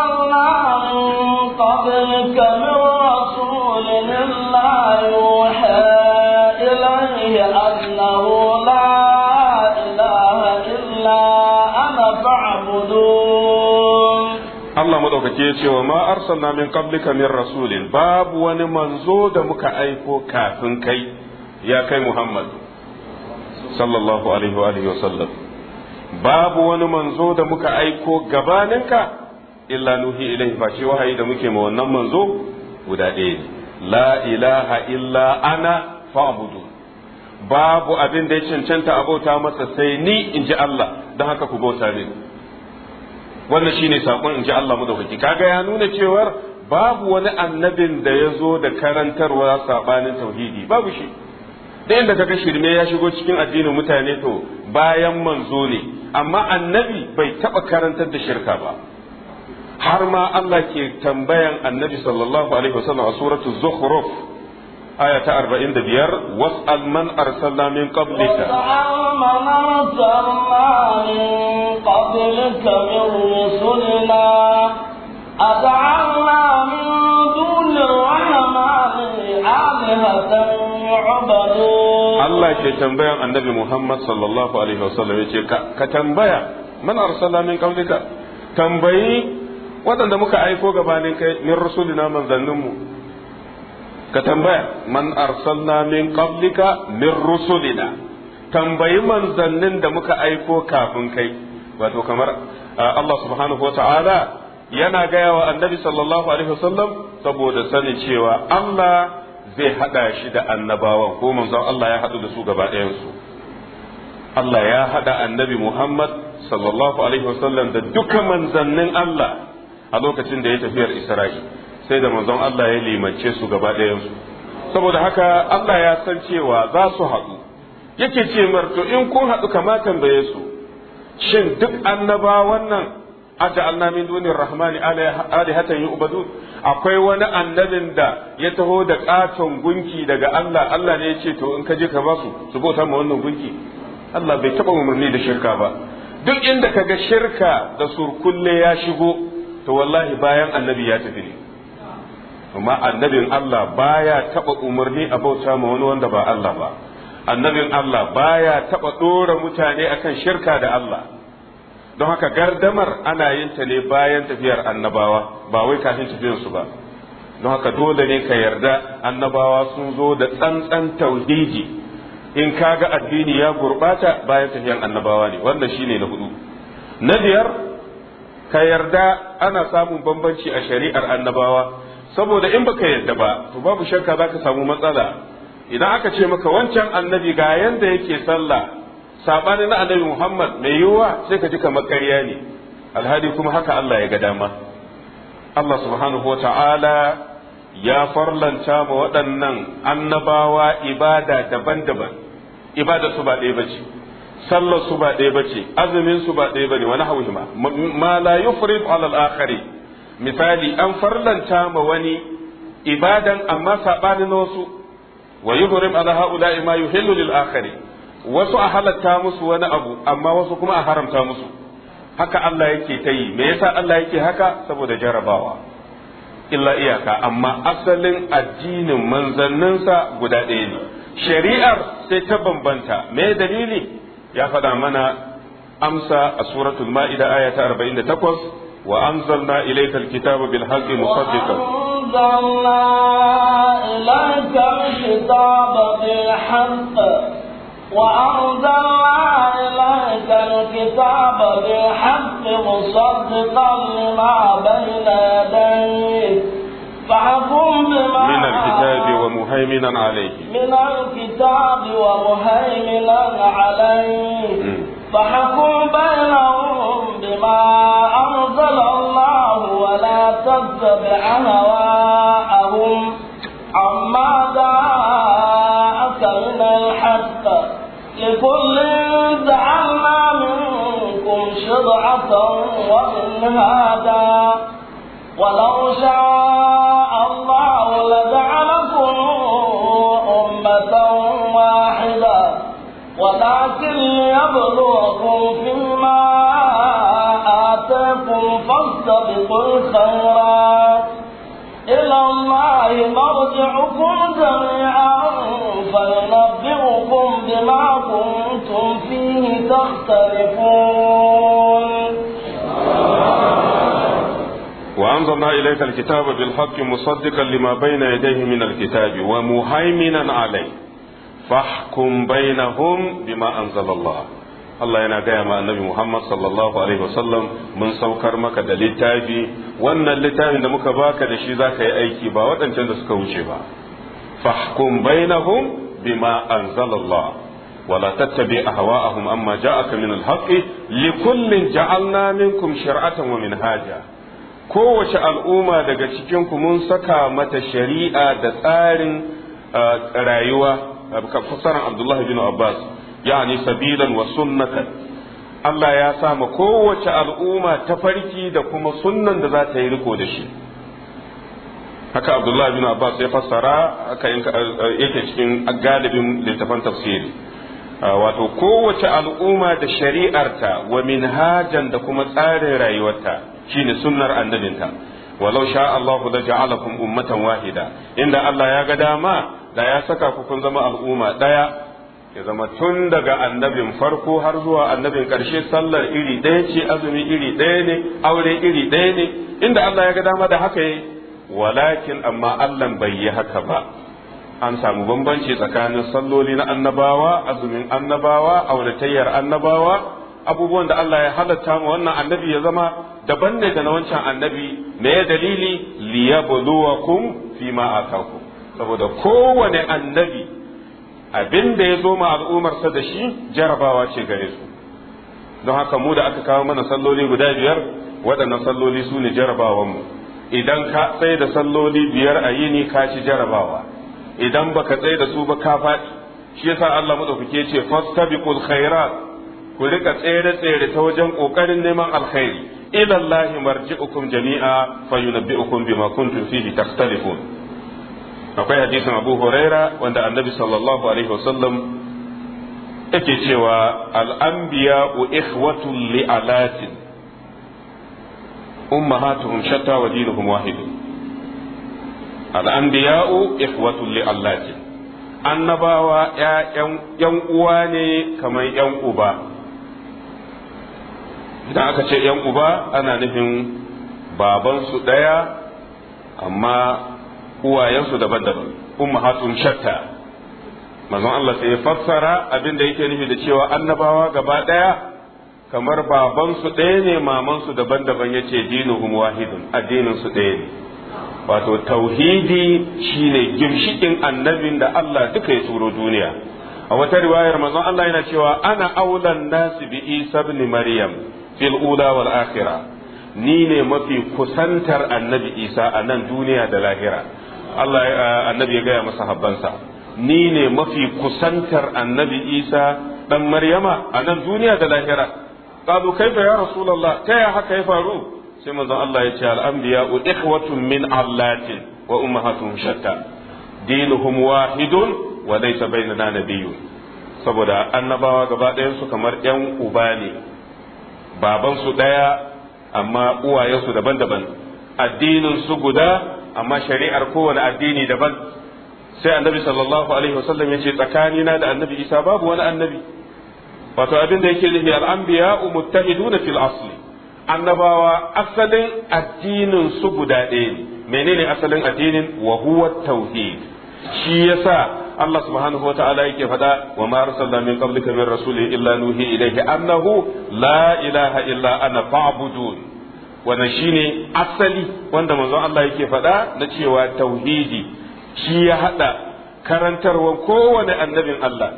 qablika min rasulin illa yuha ilayhi annahu ke cewa ma arsalna min qablika min rasulin babu wani manzo da muka aiko kafin kai ya kai Muhammad sallallahu alaihi wa alihi wasallam babu wani manzo da muka aiko gabaninka illa nuhi ilaihi ba shi wahayi da muke ma wannan manzo guda ɗaya ne la ilaha illa ana fa'budu babu abin da ya cancanta abota masa sai ni in ji Allah don haka ku bauta mini wannan shine sakon in ji Allah madaukaki kaga ya nuna cewar babu wani annabin da ya zo da karantarwa sabanin tauhidi babu shi da inda kaga shirme ya shigo cikin addinin mutane to bayan manzo ne amma annabi bai taba karantar da shirka ba har ma Allah ke tambayan annabi sallallahu alaihi wasallam a suratul zukhruf آية 45 واسأل من أرسلنا من قبلك واسأل من أرسلنا من قبلك من رسلنا أجعلنا من دون الرحمن آلهة Allah ke tambayan annabi Muhammad sallallahu alaihi wasallam yace ka tambaya man arsala min tambayi waɗanda muka aiko gabanin kai min rusulina manzanninmu ka tambaya man arsalna min qablika min rusulina tambayi manzannin da muka aiko kafin kai wato kamar ah, Allah subhanahu wata'ala yana gaya wa annabi sallallahu alaihi wasallam saboda sani cewa Allah zai hada shi da annabawan ko manzon Allah ya hadu da su gaba su Allah ya hada annabi Muhammad sallallahu alaihi wasallam da duka manzannin Allah a lokacin da ya tafiyar Isra'ila sai da manzon Allah ya limance su gaba ɗayansu saboda haka Allah ya san cewa za su haɗu yake ce marto in kun haɗu kama tambaye su shin duk wannan aja Allah min duni rahmani alihatan du? akwai wani annabin da ya taho da katon gunki daga Allah Allah ne ya ce to in ka je ka ba su su bauta ma wannan gunki Allah bai taba umarni da shirka ba duk inda ka ga shirka da surkulle ya shigo to wallahi bayan annabi ya tafi ne amma annabin Allah baya taba umarni a bauta ma wani wanda ba Allah ba annabin Allah baya taba dora mutane akan shirka da Allah don haka gardamar ana yin ta ne bayan tafiyar annabawa ba wai kafin tafiyar su ba don haka dole ne ka yarda annabawa sun zo da tsantsan tauhidi in kaga addini ya gurbata bayan tafiyar annabawa ne wannan shine na hudu na biyar ka yarda ana samun bambanci a shari'ar annabawa saboda in baka yadda ba to babu shakka za ka samu matsala idan aka ce maka wancan annabi ga yanda yake sallah sabanin na annabi Muhammad mai yiwuwa sai ka ji kamar ƙarya ne Alhadi kuma haka Allah ya ga dama Allah subhanahu wa ta'ala ya farlanta ma waɗannan annabawa ibada daban-daban ibada su ba ɗaya bace sallar su ba ɗaya bace azumin su ba ɗaya bane wani hauhima ma la yufrid ala akhari misali an farlanta ma wani ibadan amma saɓanin wasu wa yuhrim ala haula ma yuhillu lil akhari wasu a halatta musu wani abu amma wasu kuma a haramta musu haka Allah yake ta yi me yasa Allah yake haka saboda jarabawa illa iyaka amma asalin addinin manzanninsa guda ɗaya ne shari'ar sai ta bambanta me dalili ya faɗa mana amsa a suratul ma'ida aya ta 48 وأنزلنا إليك الكتاب بالحق مصدقا وأنزلنا إليك الكتاب بالحق وأنزلنا إليك الكتاب بالحق مصدقا لما بين يديه فحكم بما من الكتاب ومهيمنا عليه من الكتاب ومهيمنا عليه فحكم بينهم بما أنزل الله ولا تتبع هواءهم عما جاءك من الحق لكل جعلنا منكم شرعة ومنهاجا ولو شاء الله لجعلكم ولكن ليبلوكم فيما آتاكم فاستبقوا الخيرات إلى الله مرجعكم جميعا فينبئكم بما كنتم فيه تختلفون وأنزلنا إليك الكتاب بالحق مصدقا لما بين يديه من الكتاب ومهيمنا عليه fahkum bainahum bima anzalallah Allah yana gaya ma annabi Muhammad sallallahu alaihi wasallam mun saukar maka da littafi wannan littafin da muka baka da shi zaka yi aiki ba waɗancan da suka wuce ba fahkum bainahum bima anzalallah ولا تتبع أهواءهم أما جاءك من الحق لكل جعلنا منكم شرعة ومنهاجا kowace al'umma daga cikinku mun saka mata shari'a da tsarin uh, rayuwa fassaran Abdullahi bin Abbas yani sabilan wa sunnatan Allah ya sama kowace al'umma tafarki da kuma sunnan da za ta yi riko da shi haka Abdullahi bin Abbas ya fassara haka eh, yake cikin galibin littafan tafsiri ah, wato kowace al'umma da shari'arta wa minhajan da kuma tsarin rayuwarta shine sunnar annabinta walau sha Allahu la ja'alakum ummatan wahida inda Allah ya ga dama da ya saka ku kun zama al'umma ɗaya ya zama tun daga annabin farko har zuwa annabin ƙarshe sallar iri ɗaya ce azumi iri ɗaya ne aure iri ɗaya ne inda Allah ya ga dama da haka yi walakin amma Allah bai yi haka ba an samu bambanci tsakanin salloli na annabawa azumin annabawa auratayyar annabawa abubuwan da Allah ya halatta mu wannan annabi ya zama daban ne da na wancan annabi me ya dalili liyabluwakum fima ataku saboda kowane annabi abin da ya zo ma sa da shi jarabawa ce gare su don haka mu da aka kawo mana salloli guda biyar waɗannan salloli su ne jarabawanmu idan ka tsaye da salloli biyar a yini ka ci jarabawa idan baka tsaye da su ba ka faɗi shi yasa Allah madaukake ce fastabiqul khairat ku rika tsere tsere ta wajen kokarin neman alkhairi ila Allah marji'ukum jami'a fayunabbi'ukum bima kuntum fihi takhtalifun akwai hadisin abu huraira wanda annabi sallallahu alaihi wasallam yake cewa al'ambiya u ikhwatun li'alatin ummahatuhum shatta wa dinuhum wahid al'ambiya u ikhwatun li'alatin annabawa ƴan uwa ne kamar ƴan uba idan aka ce ƴan uba ana nufin babansu ɗaya amma uwayensu daban-daban ummahatun shatta manzon Allah sai ya fassara abin da yake nufi da cewa annabawa gaba daya kamar babansu ɗaya ne mamansu daban-daban yace dinuhum wahidun addinin su ɗaya ne wato tauhidi shine gimshikin annabin da Allah duka ya turo duniya a wata riwayar manzon Allah yana cewa ana aulan nasi bi Isa ibn Maryam fil ula wal akhirah ni ne mafi kusantar annabi Isa a nan duniya da lahira Allah annabi ya gaya masa habbansa ni ne mafi kusantar annabi Isa dan Maryama a nan duniya da lahira qalu kaifa ya rasulullah ta ya haka ya faru sai manzon Allah ya ce al anbiya ikhwatun min allatin wa ummahatuhum shatta dinuhum wahidun wa laysa bainana nabiyyun saboda annabawa gaba ɗayan su kamar yan uba ne baban su ɗaya amma uwayensu daban-daban addinin su guda amma shari'ar kowane addini daban sai annabi sallallahu alaihi wasallam ya ce tsakanina da annabi isa babu wani annabi wato abin da yake nufi al'anbiya muttahiduna fil asli annabawa asalin addinin su guda ɗaya ne menene asalin addinin wa huwa tauhid shi yasa Allah subhanahu wataala yake faɗa wa ma arsalna min qablika min illa nuhi ilayhi annahu la ilaha illa ana fa'budun wannan shine asali wanda manzon Allah yake faɗa na cewa tauhidi shi ya haɗa karantarwa kowane annabin Allah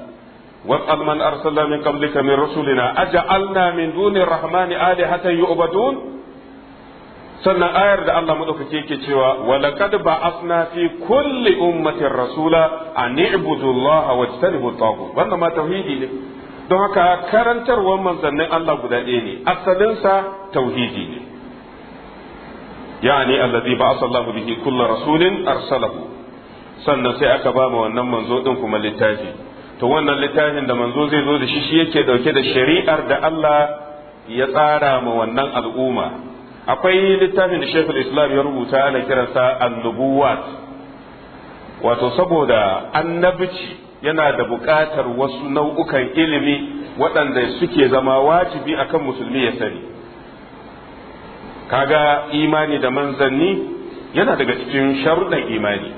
was'al man arsalna min qablika min rusulina aj'alna min duni rahmani alihatan yu'badun sannan ayar da Allah madaukake yake cewa walaqad ba'athna fi kulli ummatin rasula an i'budu Allah wajtanibu at-taghut wannan ma tauhidi ne don haka karantarwar manzannin Allah guda ɗaya ne asalinsa tauhidi ne yani allazi ba'atha biki bihi kullu rasulin arsalahu sannan sai aka ba ma wannan manzo din kuma littafi to wannan littafin da manzo zai zo da shi shi yake dauke da shari'ar da Allah ya tsara ma wannan al'umma akwai littafin da Sheikhul Islam ya rubuta ana kiransa annubuwat. wato saboda annabci yana da buƙatar wasu nau'ukan ilimi waɗanda suke zama wajibi akan musulmi ya sani kaga imani da manzanni yana daga cikin sharuɗan imani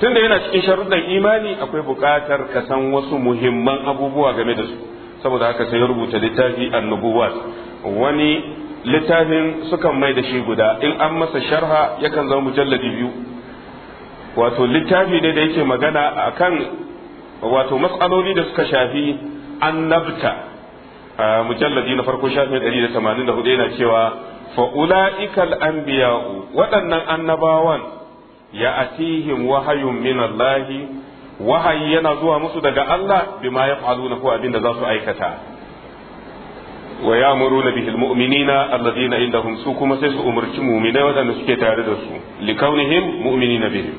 tun da yana cikin sharuɗan imani akwai buƙatar ka san wasu muhimman abubuwa game da su saboda haka sai rubuta littafi annubuwat wani littafin sukan mai da shi guda in an masa sharha yakan zama mujalladi biyu wato littafi ne da yake magana akan wato matsaloli da suka shafi annabta mujalladi na farko shafin 184 yana cewa fa ula'ikal anbiya'u waɗannan annabawan ya atihim wahayun min Allah wahayi yana zuwa musu daga Allah bima yaf'aluna ko abinda za su aikata wa ya'muruna bihi almu'minina alladhina indahum su kuma sai su umarci mu'minai waɗanda suke tare da su likaunihim mu'minina bihi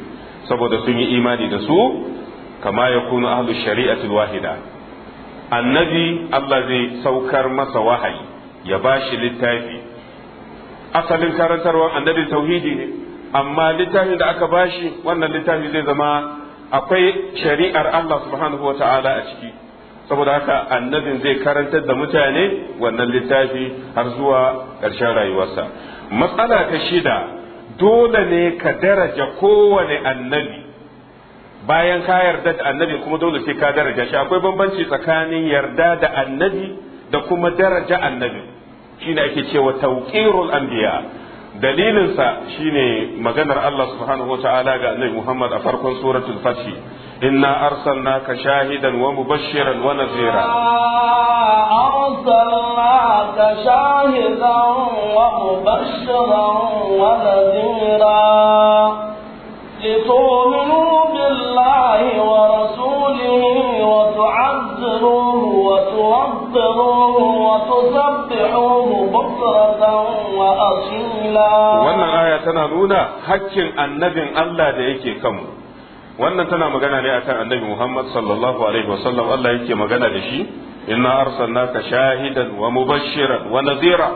saboda sun yi imani da su kama yakunu ahlu shari'atil wahida annabi Allah zai saukar masa wahayi ya bashi littafi asalin karantarwa annabi tauhidi ne amma littafin da aka bashi wannan littafi zai zama akwai shari'ar Allah subhanahu wata'ala a ciki saboda haka annabin zai karantar da mutane wannan littafi har zuwa ƙarshen rayuwarsa matsala ta shida dole ne ka daraja kowane annabi bayan ka yarda da annabi kuma dole sai ka daraja shi akwai bambanci tsakanin yarda da annabi da kuma daraja annabi shine ake cewa tawqirul anbiya dalilinsa shine maganar Allah subhanahu wa ga annabi Muhammad a farkon suratul fath inna arsalnaka shahidan wa mubashiran wa nadhira arsalnaka shahidan wa mubashiran wa nadhira لتؤمنوا بالله ورسوله وتعزروه وتوبروه وتسبحوه بكرة وأصيلا وانا آية تنالونا حج النبي الله ديكي كم وانا تنا مغانا لأتا النبي محمد صلى الله عليه وسلم الله يكي مغانا لشي إنا أرسلناك شاهدا ومبشرا ونذيرا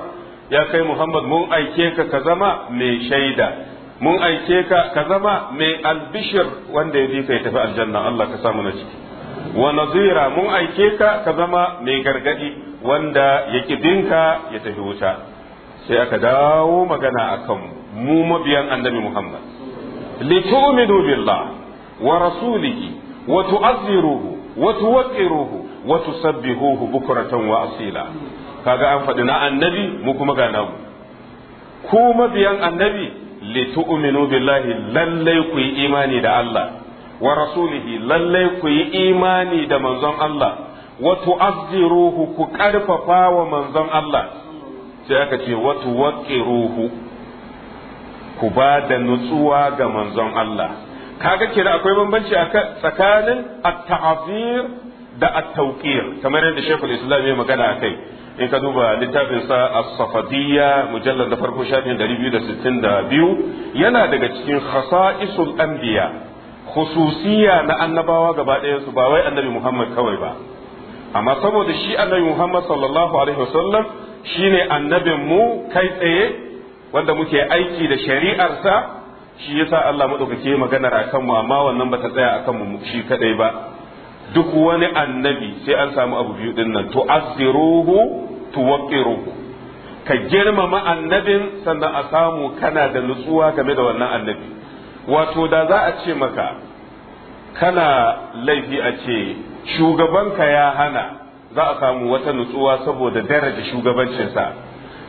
يا كي محمد مو أي كيك كزما من شيدا mun aike ka ka zama mai albishir wanda ya bi ka ya tafi aljanna Allah ka samu na ciki wa nazira mun aike ka ka zama mai gargadi wanda ya binka ya tafi wuta sai aka dawo magana akan mu mabiyan annabi Muhammad tu'minu billah wa rasulihi wa tu'ziruhu wa tuwaqqiruhu wa tusabbihuhu bukratan wa asila kaga an faɗi na annabi mu kuma ga ku mabiyan annabi litu'minu billahi lallai ku yi imani da Allah wa rasulihi lallai ku yi imani da manzon Allah wa tu'azziruhu ku karfafa wa manzon Allah sai aka ce wa tuwaqqiruhu ku ba da nutsuwa ga manzon Allah kaga kira akwai bambanci tsakanin at-ta'zir da at-tawqir kamar yadda Sheikhul Islam ya magana akai in ka duba littafinsa as-safadiyya mujallal da farko shafin 262 yana daga cikin khasa'isul anbiya Kususiya na annabawa gaba su ba wai annabi Muhammad kawai ba amma saboda shi annabi Muhammad sallallahu alaihi wasallam shine annabin mu kai tsaye wanda muke aiki da shari'arsa shi yasa Allah madaukake maganar akan mu amma wannan bata tsaya akan mu shi kadai ba duk wani annabi sai an samu abu biyu din nan tu'azziruhu tuwaqiruhu ka girmama annabin sannan a samu kana da nutsuwa game da wannan annabi wato da za a ce maka kana laifi a ce shugabanka ya hana za a samu wata nutsuwa saboda daraja shugabancinsa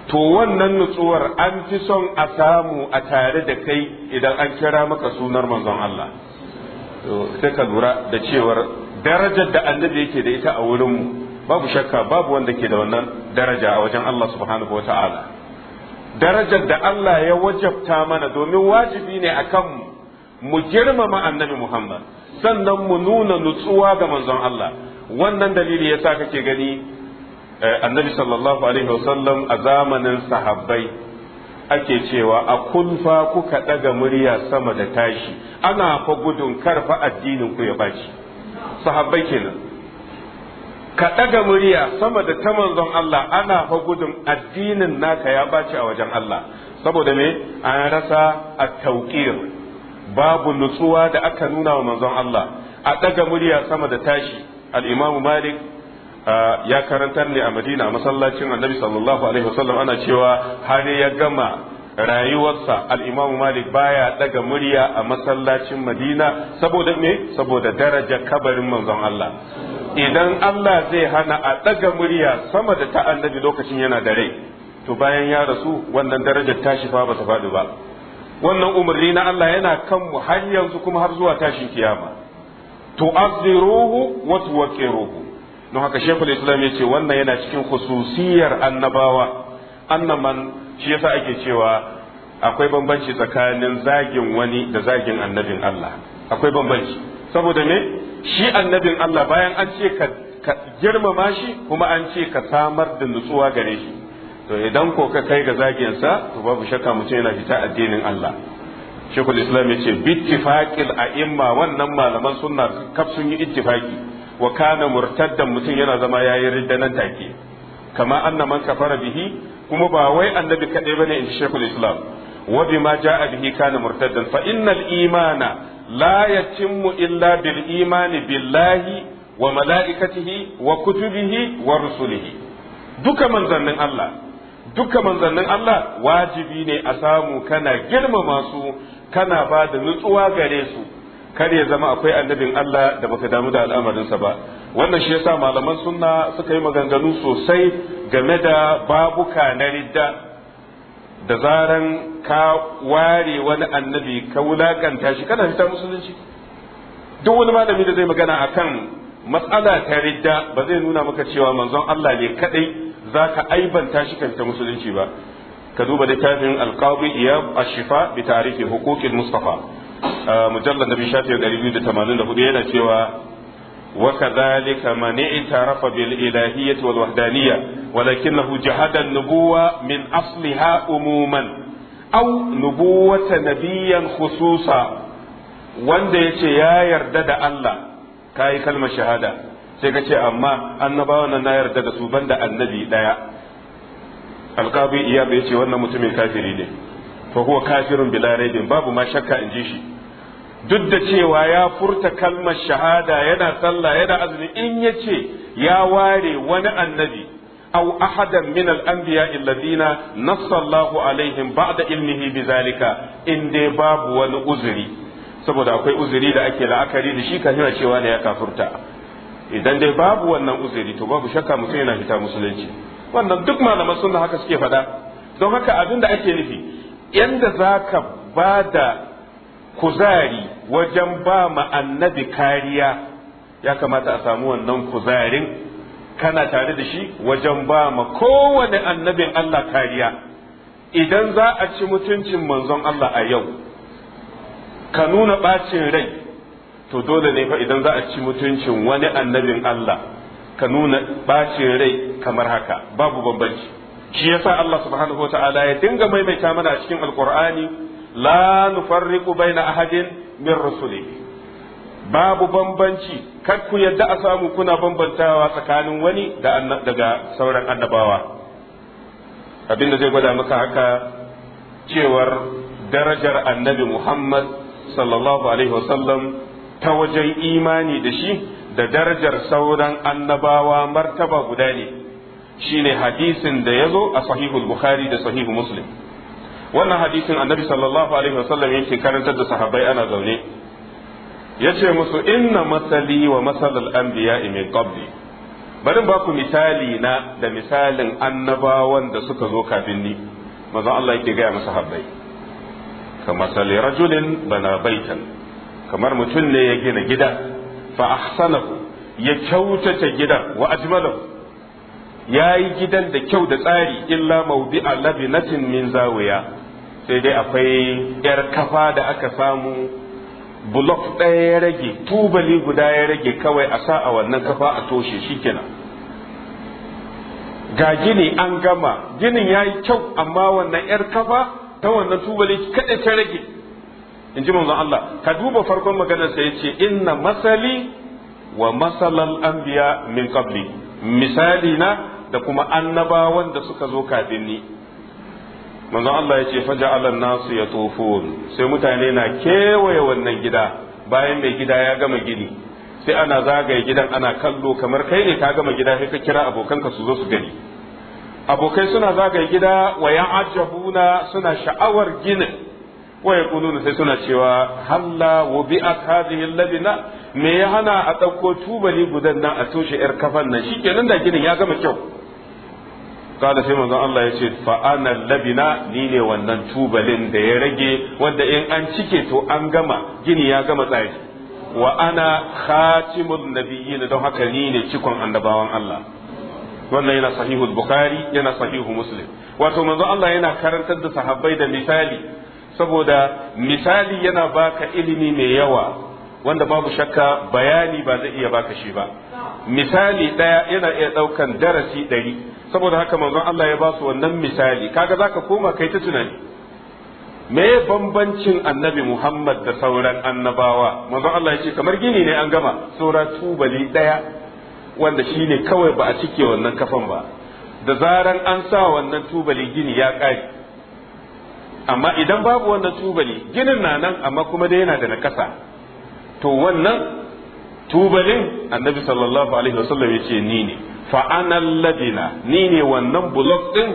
to wannan nutsuwar an fi son a samu a tare da kai idan an kira maka sunar manzon Allah sai ka lura da cewar darajar da annabi yake da ita a wurinmu babu shakka babu wanda ke da wannan daraja a wajen Allah subhanahu wa ta'ala darajar da Allah ya wajabta mana domin wajibi ne a kanmu mu girmama annabi Muhammad sannan mu nuna nutsuwa ga manzon Allah wannan dalili yasa kake gani eh, annabi sallallahu alaihi wasallam a zamanin sahabbai ake cewa a kunfa kuka ɗaga murya sama da tashi ana fa gudun karfa addinin ku ya baci sahabbai kenan ka ɗaga murya sama da ta manzon Allah ana fa gudun addinin naka ya ɓaci a wajen Allah saboda me an rasa a tauƙir babu nutsuwa da aka nuna wa manzon Allah a ɗaga murya sama da tashi al'imamu malik ya karantar ne a madina a masallacin annabi sallallahu alaihi wasallam ana cewa har ya gama rayuwarsa al'imamu malik baya ɗaga murya a masallacin madina saboda me saboda daraja kabarin manzon Allah idan Allah zai hana a ɗaga murya sama da ta annabi lokacin yana da rai to bayan ya rasu wannan darajar tashi fa ba ta faɗi ba wannan umarni na Allah yana kan mu har yanzu kuma har zuwa tashin kiyama To tu'azziruhu wa tuwaqqiruhu don haka shekul islam yace wannan yana cikin khususiyar annabawa annaman shi yasa ake cewa akwai bambanci tsakanin zagin wani da zagin annabin Allah akwai bambanci saboda me shi annabin Allah bayan an ce ka girmama shi kuma an ce ka samar da nutsuwa gare shi to idan ko ka kai ga zaginsa to babu shakka mutum yana fita addinin Allah shekul islam ya ce bittifaqil a'imma wannan malaman sunna kaf sun yi ittifaqi wa kana murtaddan mutum yana zama yayi ridda nan take kama anna man kafara bihi kuma ba wai annabi kadai bane in shekul islam wa bima ja'a bihi kana murtaddan fa innal imana la yatimmu illa bil imani billahi wa mala'ikatihi wa kutubihi wa rusulihi duka manzannin Allah duka manzannin Allah wajibi ne a samu kana girmama su kana ba da nutsuwa gare su kar ya zama akwai annabin Allah da baka damu da al'amarinsa ba wannan shi yasa malaman sunna suka yi maganganu sosai game da babuka na ridda da zaran ka ware wani annabi ka wulakanta shi kana fita musulunci duk wani malami da zai magana akan matsala ta ridda ba zai nuna maka cewa manzon Allah ne kadai zaka aibanta shi kan ta musulunci ba ka duba littafin alqabi iyab ash-shifa bi tarihi hukukin mustafa mujallad nabi shafi 284 yana cewa وكذلك من اعترف بالإلهية والوحدانية ولكنه جحد النبوة من أصلها عموما أو نبوة نبيا خصوصا wanda ya ce ya yarda da Allah ka yi kalmar shahada sai ka ce amma annabawan nan na yarda da su banda annabi daya alqabi iya bai ce wannan mutumin kafiri ne fa huwa kafirun bila raibin babu ma shakka in ji shi duk da cewa ya furta kalmar shahada yana sallah yana azumi in ya ce ya ware wani annabi aw ahadan min al-anbiya alladhina nassa Allahu alaihim ba'da ilmihi bizalika in dai babu wani uzuri saboda akwai uzuri da ake la'akari da shi kafin cewa ne ya kafurta idan dai babu wannan uzuri to babu shakka mutum yana fita musulunci wannan duk malaman sunna haka suke faɗa don haka abin da ake nufi yanda zaka ba da kuzari wajen ba ma annabi kariya ya kamata a samu wannan kuzarin kana tare da shi wajen ba ma kowane annabin Allah kariya idan za a ci mutuncin manzon Allah a yau ka nuna ɓacin rai to dole ne fa idan za a ci mutuncin wani annabin Allah ka nuna ɓacin rai kamar haka babu bambanci shi yasa Allah subhanahu wa ta'ala ya dinga maimaita mana a cikin alkur'ani la nufarriqu baina ahadin min rusuli babu bambanci kar ku yadda a samu kuna bambantawa tsakanin wani daga sauran annabawa abinda zai gwada maka haka cewar darajar annabi Muhammad sallallahu alaihi wasallam ta wajen imani da shi da darajar sauran annabawa martaba guda ne shine hadisin da ya zo a sahihul bukhari da sahihu muslim wannan hadisin annabi sallallahu alaihi wasallam yake karantar da sahabbai ana zaune yace musu inna masali wa masalal anbiya'i min qabli bari ba ku misali na da misalin annabawan da suka zo kafin ni manzon Allah yake gaya masa habbai kamar rajulin bana baitan kamar mutum ne ya gina gida fa ahsanahu ya kyautata gidan wa ajmalahu ya yi gidan da kyau da tsari illa maudi'a labinatin min zawiya sai dai akwai yar kafa da aka samu bulok ɗaya ya rage tubali guda ya rage kawai a sa a wannan kafa a toshe shi kina. ga gini an gama ginin ya yi kyau amma wannan yar kafa ta wannan tubali kaɗai ta rage in ji manzon Allah ka duba farkon maganar sa yace inna masali wa masalal anbiya min qabli misali na da kuma annabawan da suka zo kafin ni manzon Allah ya ce faja alan nasu ya tofon sai mutane na kewaye wannan gida bayan mai gida ya gama gini sai ana zagaye gidan ana kallo kamar kai ne ka gama gida sai ka kira abokanka su zo su gani abokai suna zagaye gida wa ajabuna suna sha'awar ginin wa yaquluna sai suna cewa halla wa bi hadhihi labina? me ya hana a dauko tubali gudan nan a toshe yar kafan nan shikenan da ginin ya gama kyau kada sai manzon Allah ya ce fa ana labina ni ne wannan tubalin da ya rage wanda in an cike to an gama gini ya gama tsari wa ana khatimul nabiyyin don haka ni ne cikon annabawan Allah wannan yana sahihu bukhari yana sahihu muslim wato manzon Allah yana karantar da sahabbai da misali saboda misali yana baka ilimi mai yawa wanda babu shakka bayani ba zai iya baka shi ba misali ɗaya yana iya ɗaukan darasi ɗari saboda haka manzon Allah ya ba su wannan misali kaga zaka koma kai ta tunani me bambancin annabi Muhammad da sauran annabawa manzon Allah ya kamar gini ne an gama saura tubali daya wanda shine kawai ba a cike wannan kafan ba da zaran an sa wannan tubali gini ya kare amma idan babu wannan tubali ginin na nan amma kuma dai yana da nakasa to wannan tubalin annabi sallallahu alaihi wasallam ya ce ni ne Fa'anan ladina ni ne wannan bulok ɗin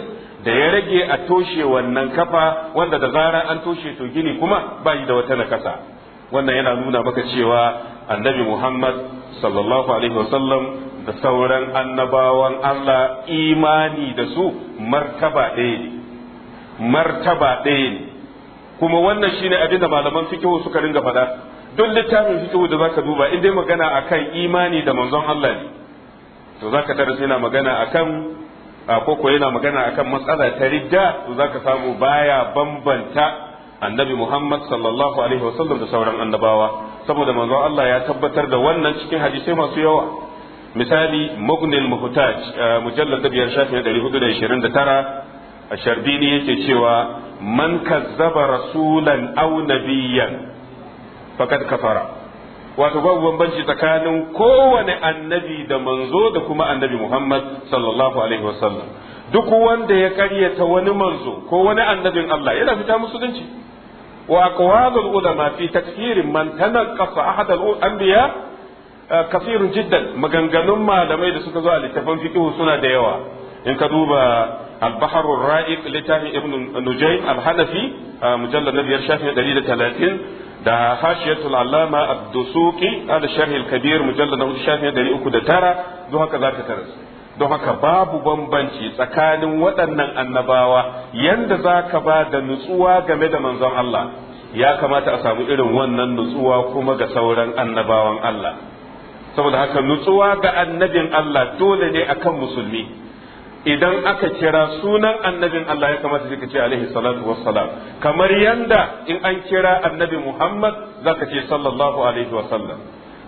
da ya rage a toshe wannan kafa wanda da zara an toshe to gini kuma bayi da wata nakasa wannan yana nuna maka cewa annabi Muhammad sallallahu alaihi wasallam da sauran annabawan Allah imani da su martaba ɗaya ne martaba ɗaya ne kuma wannan shine abin da malaman fikihu suka ringa faɗa duk littafin fikihu da zaka duba in dai magana akan imani da manzon Allah ne to zaka darasi yana magana akan koko yana magana akan matsala ta ridda to zaka samu baya bambanta annabi Muhammad sallallahu alaihi wasallam da sauran annabawa saboda manzon Allah ya tabbatar da wannan cikin hadisai masu yawa misali mughnil muhtaj mujallad da biyar shafi 429 asharbini yake cewa man kazzaba rasulan aw nabiyyan faqad kafara wato babu bambanci tsakanin kowane annabi da manzo da kuma annabi Muhammad sallallahu alaihi wasallam duk wanda ya karyata wani manzo ko wani annabin Allah yana fita musulunci wa aqwalul ulama fi takfir man tanaqqa ahad al anbiya eh, kafirun jiddan maganganun malamai da suka zo a littafan fiqh suna da yawa in ka duba البحر الرائق لتاه ابن نجيم الحنفي مجلد نبي الشافعي دليل 30 da hashiyatul allama ad-dusuqi ala sharh al-kabir mujallad na Shafi 309 don haka zaka karanta don haka babu bambanci tsakanin waɗannan annabawa yanda zaka ba da nutsuwa game da manzon Allah ya kamata a samu irin wannan nutsuwa kuma ga sauran annabawan Allah saboda haka nutsuwa ga annabin Allah dole ne akan musulmi idan aka kira sunan annabin Allah ya kamata zai ce alaihi salatu wassalam kamar yanda in an kira annabi Muhammad zaka ce sallallahu alaihi wasallam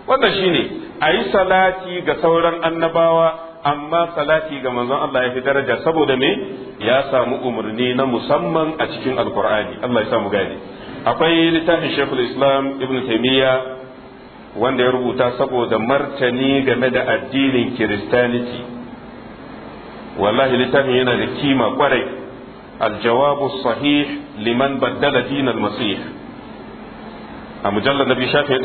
wannan shine ayi salati ga sauran annabawa amma salati ga manzon Allah ya fi daraja saboda me ya samu umarni na musamman a cikin alkur'ani Allah ya samu gane akwai littafin Sheikhul Islam Ibn taymiya wanda ya rubuta saboda martani game da addinin Kiristaniti wallahi littafin yana da kima kwarai aljawabu sahih liman baddala dinar Masih. a mujallar na biyu shafin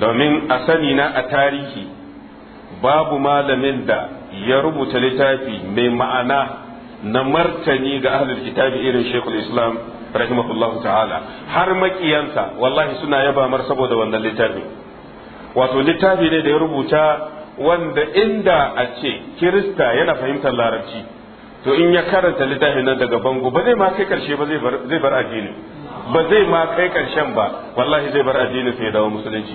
domin a sani na a tarihi babu malamin da ya rubuta littafi mai ma'ana na martani ga ahlul kitabi irin shekul islam rahimahullahu ta'ala har makiyansa wallahi suna yaba mar saboda wannan littafi wato littafi ne da ya rubuta wanda inda a ce kirista yana fahimtar larabci to in ya karanta littafin nan daga bango ba zai ma kai karshe ba zai bar addini ba zai ma kai karshen ba wallahi zai bar addini sai dawo musulunci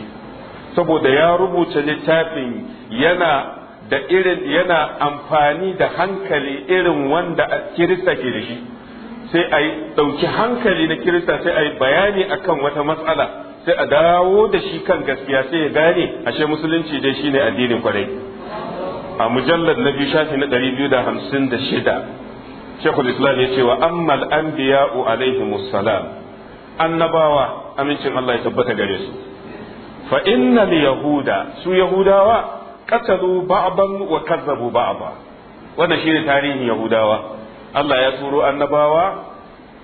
saboda ya rubuta littafin yana da irin yana amfani da hankali irin wanda a kirista ke da shi sai a ɗauki hankali na kirista sai a yi bayani akan wata matsala sai a dawo da shi kan gaskiya sai ya gane ashe musulunci dai shine addinin kwarai a mujallar na biyu shafi na ɗari biyu da hamsin da shida shekul islam ya ce wa ammal anbiya'u alaihimus salam annabawa amincin Allah ya tabbata gare su fa innal yahuda su yahudawa qatalu ba'dan wa kazzabu ba'da wannan shine tarihin yahudawa Allah ya turo annabawa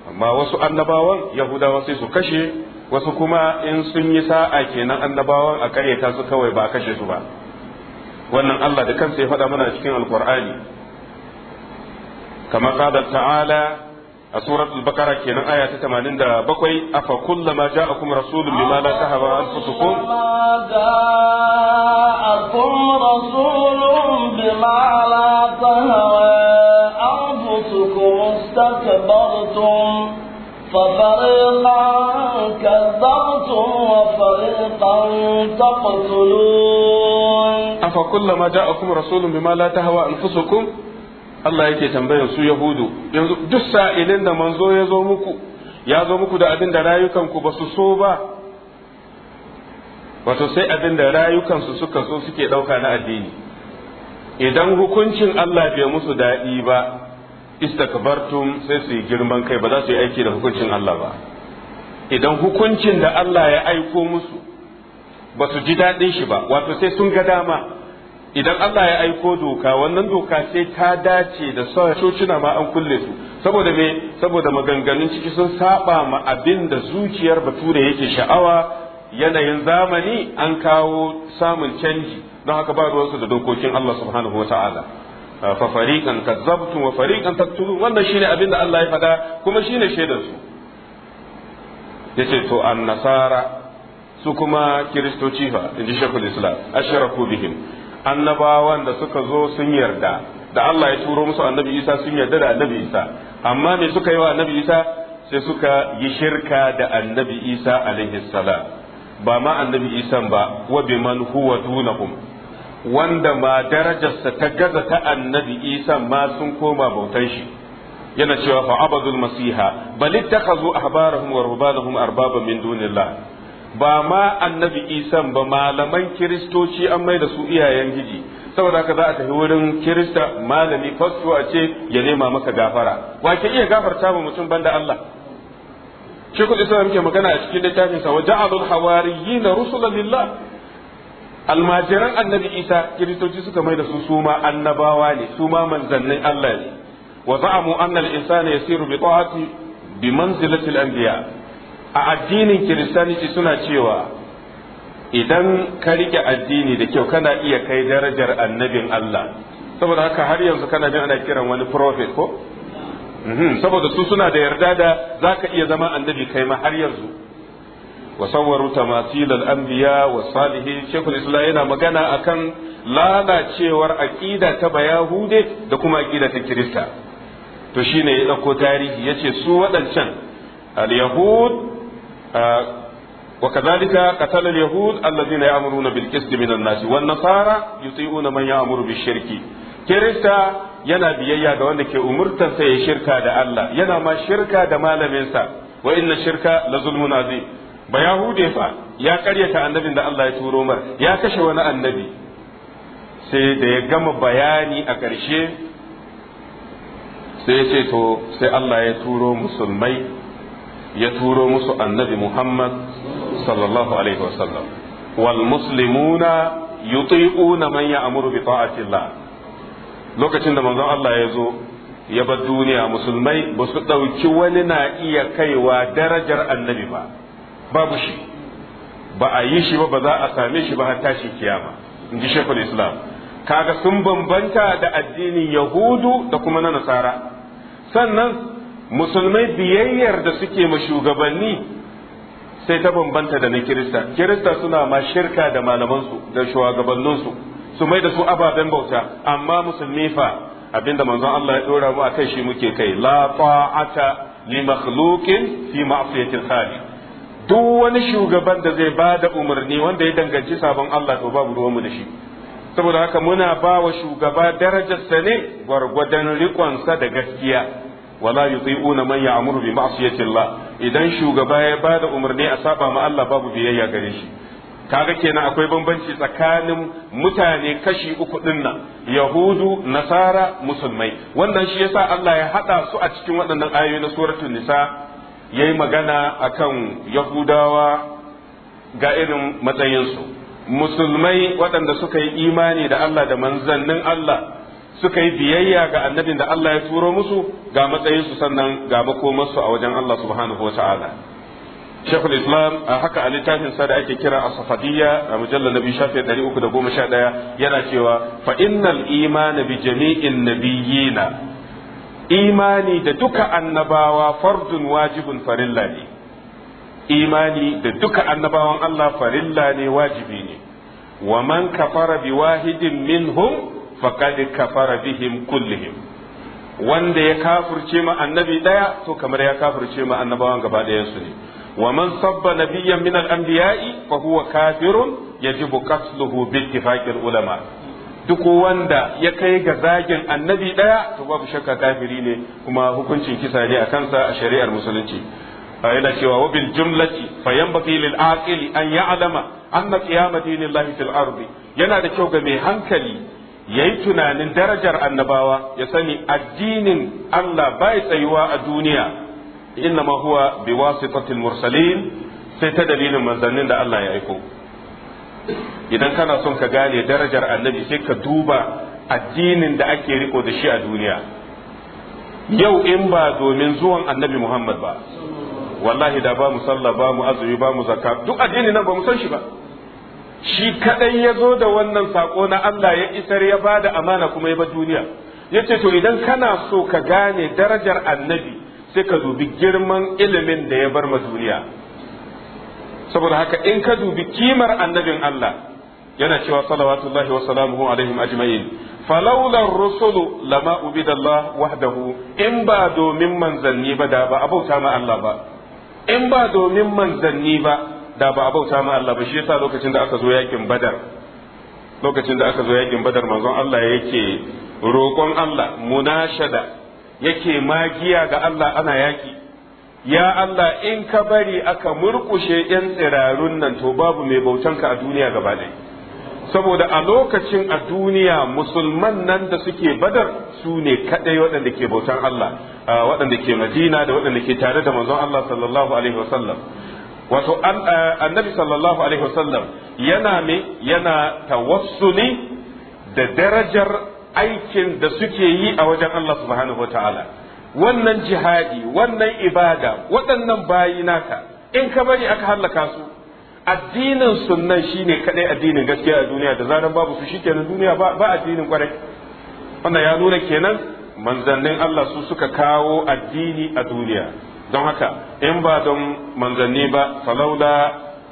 amma wasu annabawan yahudawa sai su kashe wasu kuma in sun yi sa'a kenan annabawan a karyata su kawai ba kashe su ba wannan Allah da kansa ya faɗa mana cikin alkur'ani Kamar qala ta'ala a suratul baqara kenan aya ta 87 afa kullama ja'akum rasulun bima la tahaba anfusukum ja'akum rasulun bima la anfusukum istakbartum ففريقا كذبتم وفريقا تقتلون أفكلما جاءكم رسول بما لا تهوى أنفسكم Allah yake tambayar su Yahudu yanzu duk sa'ilin da manzo ya zo muku ya zo muku da abin da rayukanku ba su so ba wato sai abin da rayukansu suka so suke ɗauka na addini idan hukuncin Allah bai musu daɗi ba istakbartum sai su girman kai ba za su yi aiki da hukuncin Allah ba idan hukuncin da Allah ya aiko musu ba su ji daɗin shi ba wato sai sun ga dama idan Allah ya aiko doka wannan doka sai ta dace da socina ma an kulle su saboda me saboda maganganun ciki sun saba ma abin da zuciyar bature yake sha'awa yanayin zamani an kawo samun canji don haka ba ruwansu da dokokin Allah subhanahu wa ta'ala Ah, fa fariqan kazzabtum wa fariqan taqtulun wannan shine abin da Allah ya faɗa kuma shine shaidan su yace to annasara su kuma kiristoci fa inji shekul islam asharaku bihim annabawan da suka zo sun yarda da Allah ya turo musu annabi Isa sun yarda da annabi Isa amma me suka yi wa annabi Isa sai suka yi shirka da annabi Isa alaihi salam ba ma annabi Isa ba wa biman huwa dunahum wanda ma darajarsa ta gaza ta annabi isa ma sun koma bautan shi yana cewa fa abadul masiha bal ittakhazu ahbarahum wa rubanahum arbaba min dunillah ba ma annabi isa ba malaman kiristoci an mai da su iyayen giji saboda haka za a tafi wurin kirista malami fasto a ce ya nema maka gafara wa ke iya gafarta ma mutum banda Allah shi kun isa muke magana a cikin littafin sa wa ja'alul hawariyina rusulan almajiran annabi isa kiristoci suka mai da su suma annabawa ne suma manzannin allah ne wa za'amu anna al-insana yasiru bi ta'ati bi manzilati al-anbiya a addinin kiristanci suna cewa idan ka rike addini da kyau kana iya kai darajar annabin allah saboda haka har yanzu kana jin ana kiran wani prophet ko mhm, saboda su suna da yarda da zaka iya zama annabi kai ma har yanzu wa sawwaru tamathil al-anbiya wa salihin shekul islam yana magana akan lalacewar aqida ta bayahude da kuma aqida ta kirista to shine ya dauko tarihi yace su waɗancan al-yahud وكذلك قتل اليهود الذين يأمرون بالقسط من الناس والنصارى يطيعون من يأمر بالشرك كريستا yana biyayya ga wanda ke umurtarsa ya shirka da Allah yana ma shirka da malaminsa wa na shirka la zulmun azim ba yahude fa ya karyata annabin da Allah ya turo mar ya kashe wani annabi sai da ya gama bayani a ƙarshe sai ce to sai Allah ya turo musulmai ya turo musu annabi Muhammad sallallahu alaihi wasallam wal muslimuna yuti'una man ya'muru bi ta'atillah lokacin da manzon Allah ya zo ya bar duniya musulmai ba su ɗauki wani na iya kaiwa darajar annabi ba babu shi ba a yi shi ba ba za a same shi ba har tashin kiyama in ji shekul islam kaga sun bambanta da addinin yahudu da kuma na nasara sannan musulmai biyayyar da suke ma shugabanni sai ta bambanta da na kirista kirista suna ma shirka da malamansu da shugabanninsu su mai da su ababen bauta amma musulmi fa abinda manzon Allah ya dora mu akai shi muke kai la ta'ata li makhluqin fi ma'siyatil khaliq duk wani shugaban da zai ba da umarni wanda ya danganci sabon Allah to babu ruwanmu da shi saboda haka muna ba wa shugaba darajarsa ne gwargwadon riƙonsa da gaskiya wala yuti'una man ya'muru bi ma'siyati Allah idan shugaba ya ba da umarni a saba ma Allah babu biyayya gare shi kaga kenan akwai bambanci tsakanin mutane kashi uku din nan yahudu nasara musulmai wannan shi yasa Allah ya hada su a cikin waɗannan ayoyi na suratul nisa ya yi magana akan yahudawa ga irin matsayinsu musulmai waɗanda suka yi imani da Allah da manzannin Allah suka yi biyayya ga annabin da Allah ya turo musu ga matsayinsu sannan ga makomarsu a wajen Allah subhanahu wa ta'ala Shekul Islam a haka a littafin sa da ake kira a safadiyya a mujallar nabi shafi 311 yana cewa fa innal imana bi jami'in nabiyina imani da duka annabawa fardun wajibun farilla ne imani da duka annabawan Allah farilla ne wajibi ne wa man kafara bi wahidin minhum faqad kafara bihim kullihim wanda ya kafirce ma annabi daya to kamar ya kafirce ma annabawan gaba daya su ne wa man sabba nabiyyan min al-anbiya'i fa huwa kafirun yajibu qatluhu bi ittifaqil ulama duk wanda ya kai ga zagin annabi daya to babu shakka kafiri ne kuma hukuncin kisa ne a kansa a shari'ar musulunci yana cewa wa bil jumlati fa yanbaghi lil aqili an ya'lama anna qiyama dinillahi fil ardi yana da kyau ga mai hankali yayi tunanin darajar annabawa ya sani addinin Allah bai tsayuwa a duniya Inna innama huwa biwasitatil mursalin sai ta dalilin manzannin da Allah ya aiko idan kana son ka gane darajar annabi sai ka duba addinin da ake riko da shi a duniya yau in ba domin zuwan annabi muhammad ba wallahi da ba mu sallah ba mu azumi ba mu zakka duk addini nan ba mu san shi ba shi kadai ya zo da wannan sako na Allah ya isar ya bada amana kuma ya ba duniya ce to idan kana so ka gane darajar annabi sai ka dubi girman ilimin da ya bar ma duniya saboda haka in ka dubi kimar annabin Allah yana cewa salawatullahi wa salamuhu alaihim ajma'in falawla rusulu lama ubida Allah wahdahu in ba domin manzanni ba da ba abauta ma Allah ba in ba domin manzanni ba da ba abauta ma Allah ba shi yasa lokacin da aka zo yakin Badar lokacin da aka zo yakin Badar manzon Allah yake roƙon Allah munashada yake magiya ga Allah ana yaki ya Allah in ka bari aka murkushe yan tsirarun nan to babu mai bautanka a duniya gaba saboda a lokacin a duniya musulman nan da suke badar su ne kadai waɗanda ke bautan Allah waɗanda ke madina da waɗanda ke tare da manzon Allah sallallahu alaihi wasallam wato annabi sallallahu alaihi wasallam yana me yana tawassuli da darajar aikin da suke yi a wajen Allah subhanahu wataala wannan jihadi wannan ibada waɗannan bayi naka in ka bari aka hallaka su addinin sunnan shine kadai addinin gaskiya a duniya da zaran babu su shikenan duniya ba addinin kwarai wannan ya nuna kenan manzannin Allah su suka kawo addini a duniya don haka in ba don manzanni ba falaula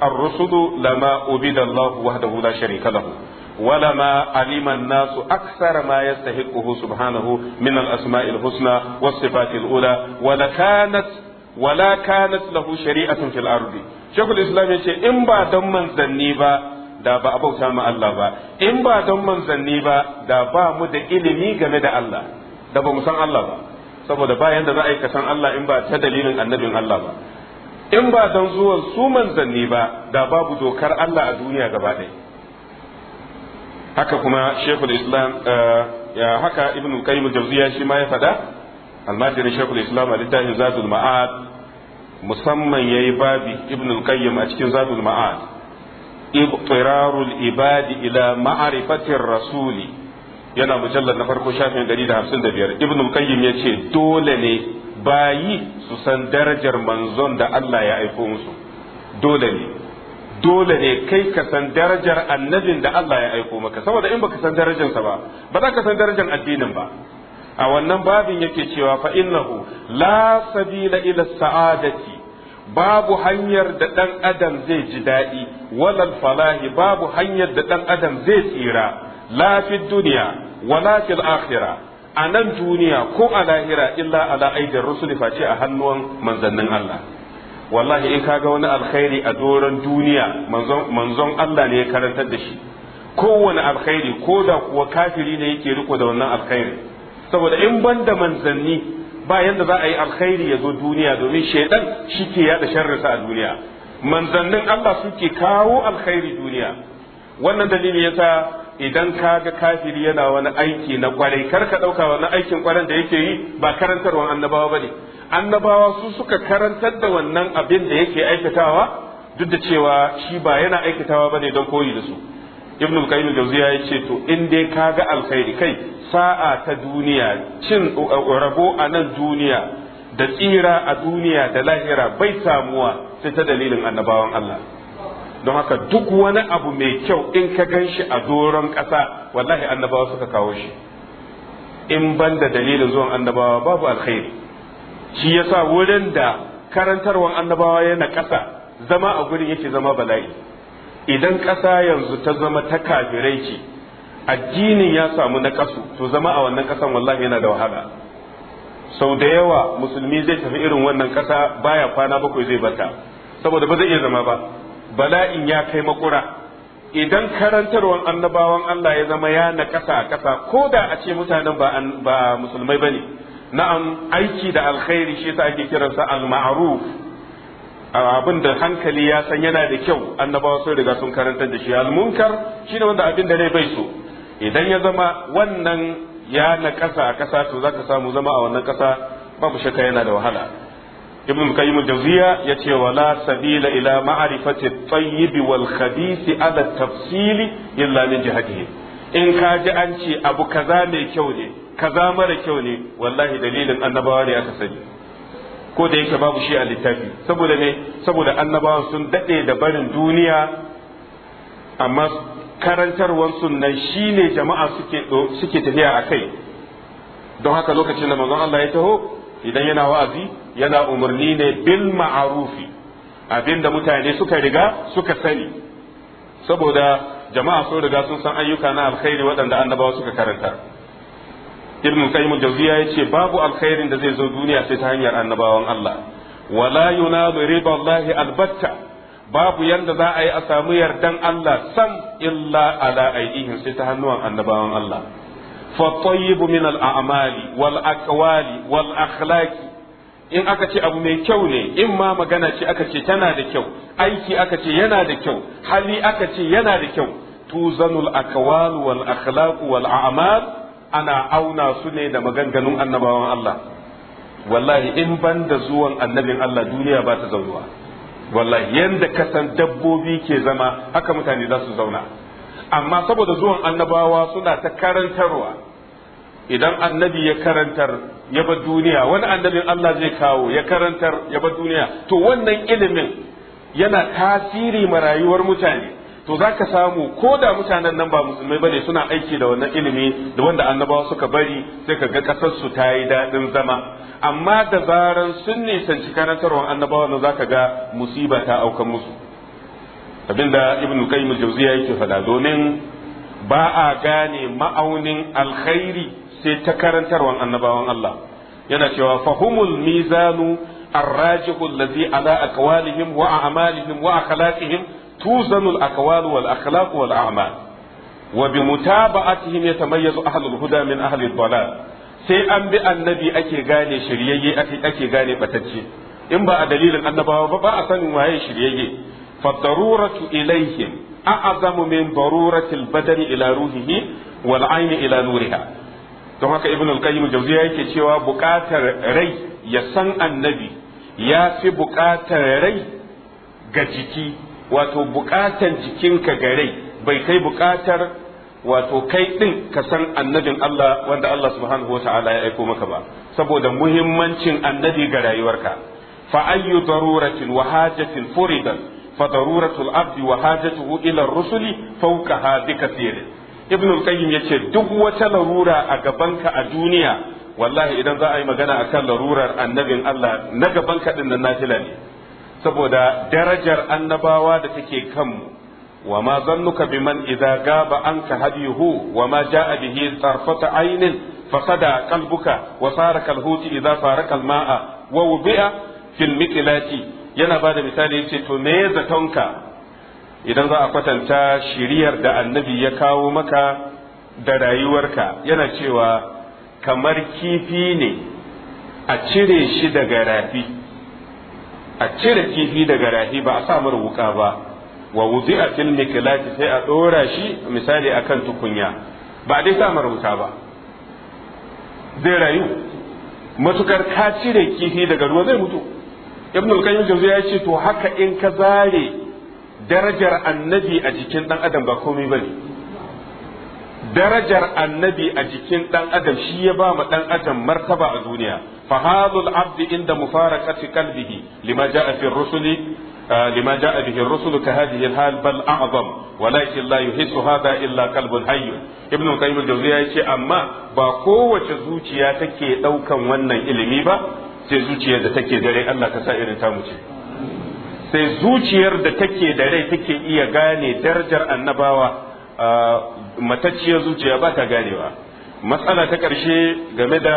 ar-rusulu lama ubida Allah wahdahu la sharika lahu ولما علم الناس أكثر ما يستحقه سبحانه من الأسماء الحسنى والصفات الأولى ولكانت ولا كانت له شريعة في الأرض شيخ الإسلام يقول إن بعد من ذنبا da ba a bauta ma Allah ba in ba don manzanni ba da ba mu da ilimi game da Allah da ba mu san Allah ba saboda bayan da za a yi san Allah in ba ta dalilin annabin Allah ba in ba don zuwan su manzanni ba da babu dokar Allah a duniya gaba ɗaya haka kuma shekul islam eh, ya haka ibn qayyim jawziya shi ma ya fada almajirin shekul islam a littafin zadul ma'ad musamman yayi babi ibn qayyim a cikin zadul ma'ad iqtirarul ibadi ila ma'rifatir rasuli yana mujallar na farko shafin 155 ibn qayyim yace dole ne bayi su san darajar manzon da Allah ya aiko musu dole ne dole ne kai ka san darajar annabin da Allah ya aiko maka saboda in baka san darajarsa ba ba za ka san darajar addinin ba a wannan babin yake cewa fa innahu la sabila ila sa'adati babu hanyar da dan adam zai ji daɗi walal falahi babu hanyar da dan adam zai tsira la fi duniya wala fil akhirah a nan duniya ko a lahira illa ala aidin rusuli face a hannuwan manzannin Allah wallahi in kaga wani alkhairi a doron duniya manzon Allah ne ya karantar da shi kowane alkhairi ko da kuwa kafiri ne yake riko da wannan alkhairi saboda in banda da manzanni ba yanda za a yi alkhairi ya zo duniya domin shaidan shi ke yada sharrisa a duniya manzannin Allah suke kawo alkhairi duniya wannan dalili yasa idan kaga ga kafiri yana wani aiki na kwarai kar ka ɗauka wani aikin kwaran da yake yi ba karantarwar annabawa ba ne annabawa su suka karantar da wannan abin da yake aikatawa duk da cewa shi ba yana aikatawa bane don koyi da su ibnu qayyim jawziya ya ce to in dai kaga alkhairi kai sa'a ta duniya cin uh, uh, rabo a nan duniya da tsira a duniya da lahira bai samuwa sai ta dalilin annabawan Allah don haka duk wani abu mai kyau in ka gan shi a doron ƙasa wallahi annabawa suka kawo shi in banda dalilin zuwan annabawa babu alkhairi shi yasa wurin da karantarwan annabawa yana ƙasa zama a gurin yake zama bala'i idan ƙasa yanzu ta zama ta kafirai ce addinin ya samu na ƙasu to zama a wannan ƙasan wallahi yana da wahala sau da yawa musulmi zai tafi irin wannan ƙasa baya kwana bakwai zai bata saboda ba zai iya zama ba bala'in ya kai makura idan karantarwan annabawan Allah ya zama ya na ƙasa a ƙasa ko da a ce mutanen ba musulmai bane. na'am aiki da alkhairi shi yasa ake kiransa al-ma'ruf abin da hankali ya san yana da kyau annabawa sun riga sun karantar da shi al-munkar shine wanda abin da ne bai so idan ya zama wannan ya na kasa a kasa to zaka samu zama a wannan kasa babu shakka yana da wahala ibn qayyim al-jawziya yace wala sabila ila ma'rifati at-tayyib wal khabith ala tafsili illa min jihatihi in ka ji an ce abu kaza mai kyau ne kaza mara kyau ne wallahi dalilin annabawa ne aka sani ko da yake babu shi a littafi saboda ne saboda annabawa sun daɗe da barin duniya amma karantarwar shi ne jama'a suke suke tafiya a kai don haka lokacin da manzon Allah ya taho idan yana wa'azi yana umarni ne bil ma'arufi abinda mutane suka riga suka sani saboda jama'a sun riga sun san ayyuka na alkhairi waɗanda annabawa suka karanta ibn qayyim jawziya yace babu alkhairin da zai zo duniya sai ta hanyar annabawan Allah wala yunadu riba Allah albatta babu yadda za yi a samu yardan Allah san illa ala aidihim sai ta hannuwan annabawan Allah fa tayyibu a'mali wal aqwali in aka ce abu mai kyau ne in ma magana ce aka ce tana da kyau aiki aka ce yana da kyau hali aka ce yana da kyau tuzanul aqwal wal akhlaq wal a'mal ana auna su ne da maganganun annabawan Allah wallahi in ban da zuwan annabin Allah duniya ba ta zaunuwa wallahi yanda kasan dabbobi ke zama haka mutane za su zauna amma saboda zuwan annabawa suna ta karantarwa idan annabi ya karantar ya bar duniya wani annabin Allah zai kawo ya karantar ya bar duniya to wannan ilimin yana tasiri ma rayuwar mutane to za ka samu ko da mutanen nan ba musulmai bane suna aiki da wannan ilimi da wanda annabawa suka bari sai ka ga ƙasar su ta yi daɗin zama amma da zaran sun nisanci karantarwar annabawa na za ka ga musiba ta aukan musu abinda ibn qayyim jawziya yake faɗa domin ba a gane ma'aunin alkhairi sai ta karantarwar annabawan Allah yana cewa fahumul mizanu الراجح الذي على أقوالهم وأعمالهم وأخلاقهم توزن الأقوال والأخلاق والأعمال وبمتابعتهم يتميز أهل الهدى من أهل Bala sai an bi annabi ake gane shiryayye ake gane batacce in ba a dalilin annabawa ba ba a sanin waye shiryayye fa daruratu ilaihim a'zamu min daruratil badani ila ruhihi wal ayni ila nuriha don haka ibn al-qayyim jawziya yake cewa buƙatar rai ya san annabi ya fi buƙatar rai ga jiki wato bukatan jikinka ga rai bai kai bukatar wato kai din ka san annabin Allah wanda Allah subhanahu wa ta'ala ya aiko maka ba saboda muhimmancin annabi ga rayuwarka fa ayyu daruratin wa hajatin fa daruratul abdi wa hajatuhu ila rusuli fawqa hadhi kathir ibn al-qayyim yace duk wata larura a gabanka a duniya wallahi idan za a yi magana akan larurar annabin Allah na gabanka din nan nafila ne saboda darajar annabawa da take kanmu wa ma zannuka biman idza gaba anka hadiyuhu wa ma jaa bihi tarfata aynin fasada qalbuka wa sara kalhuti idza faraka almaa wa wubi'a fil miqlati yana bada misali yace to me zatonka idan za a kwatanta shiriyar da annabi ya kawo maka da rayuwarka yana cewa kamar kifi ne a cire shi daga rafi a cire kifi daga rahi ba a sa mara wuka ba wa a fil sai a dora shi misali kan tukunya ba dai sa mara wuta ba zai rayu matukar ka cire kifi daga ruwa zai mutu al qayyim jawzi ya ce to haka in ka zare darajar annabi a jikin dan adam ba komai bane darajar annabi a jikin dan adam shi ya ba ma dan adam martaba a duniya فحال العبد عند مفارقة قلبه لما جاء في الرسل لما جاء به الرسل كهذه الحال بل أعظم ولكن لا يحس هذا إلا قلب حي ابن القيم الجوزية يقول أما باقوة زوجيا تكي لو ونن إلمي با sai zuciyar da take dare Allah sa irin ta sai zuciyar da take dare take iya gane darajar annabawa matacciyar zuciya ba ta ganewa matsala ta ƙarshe game da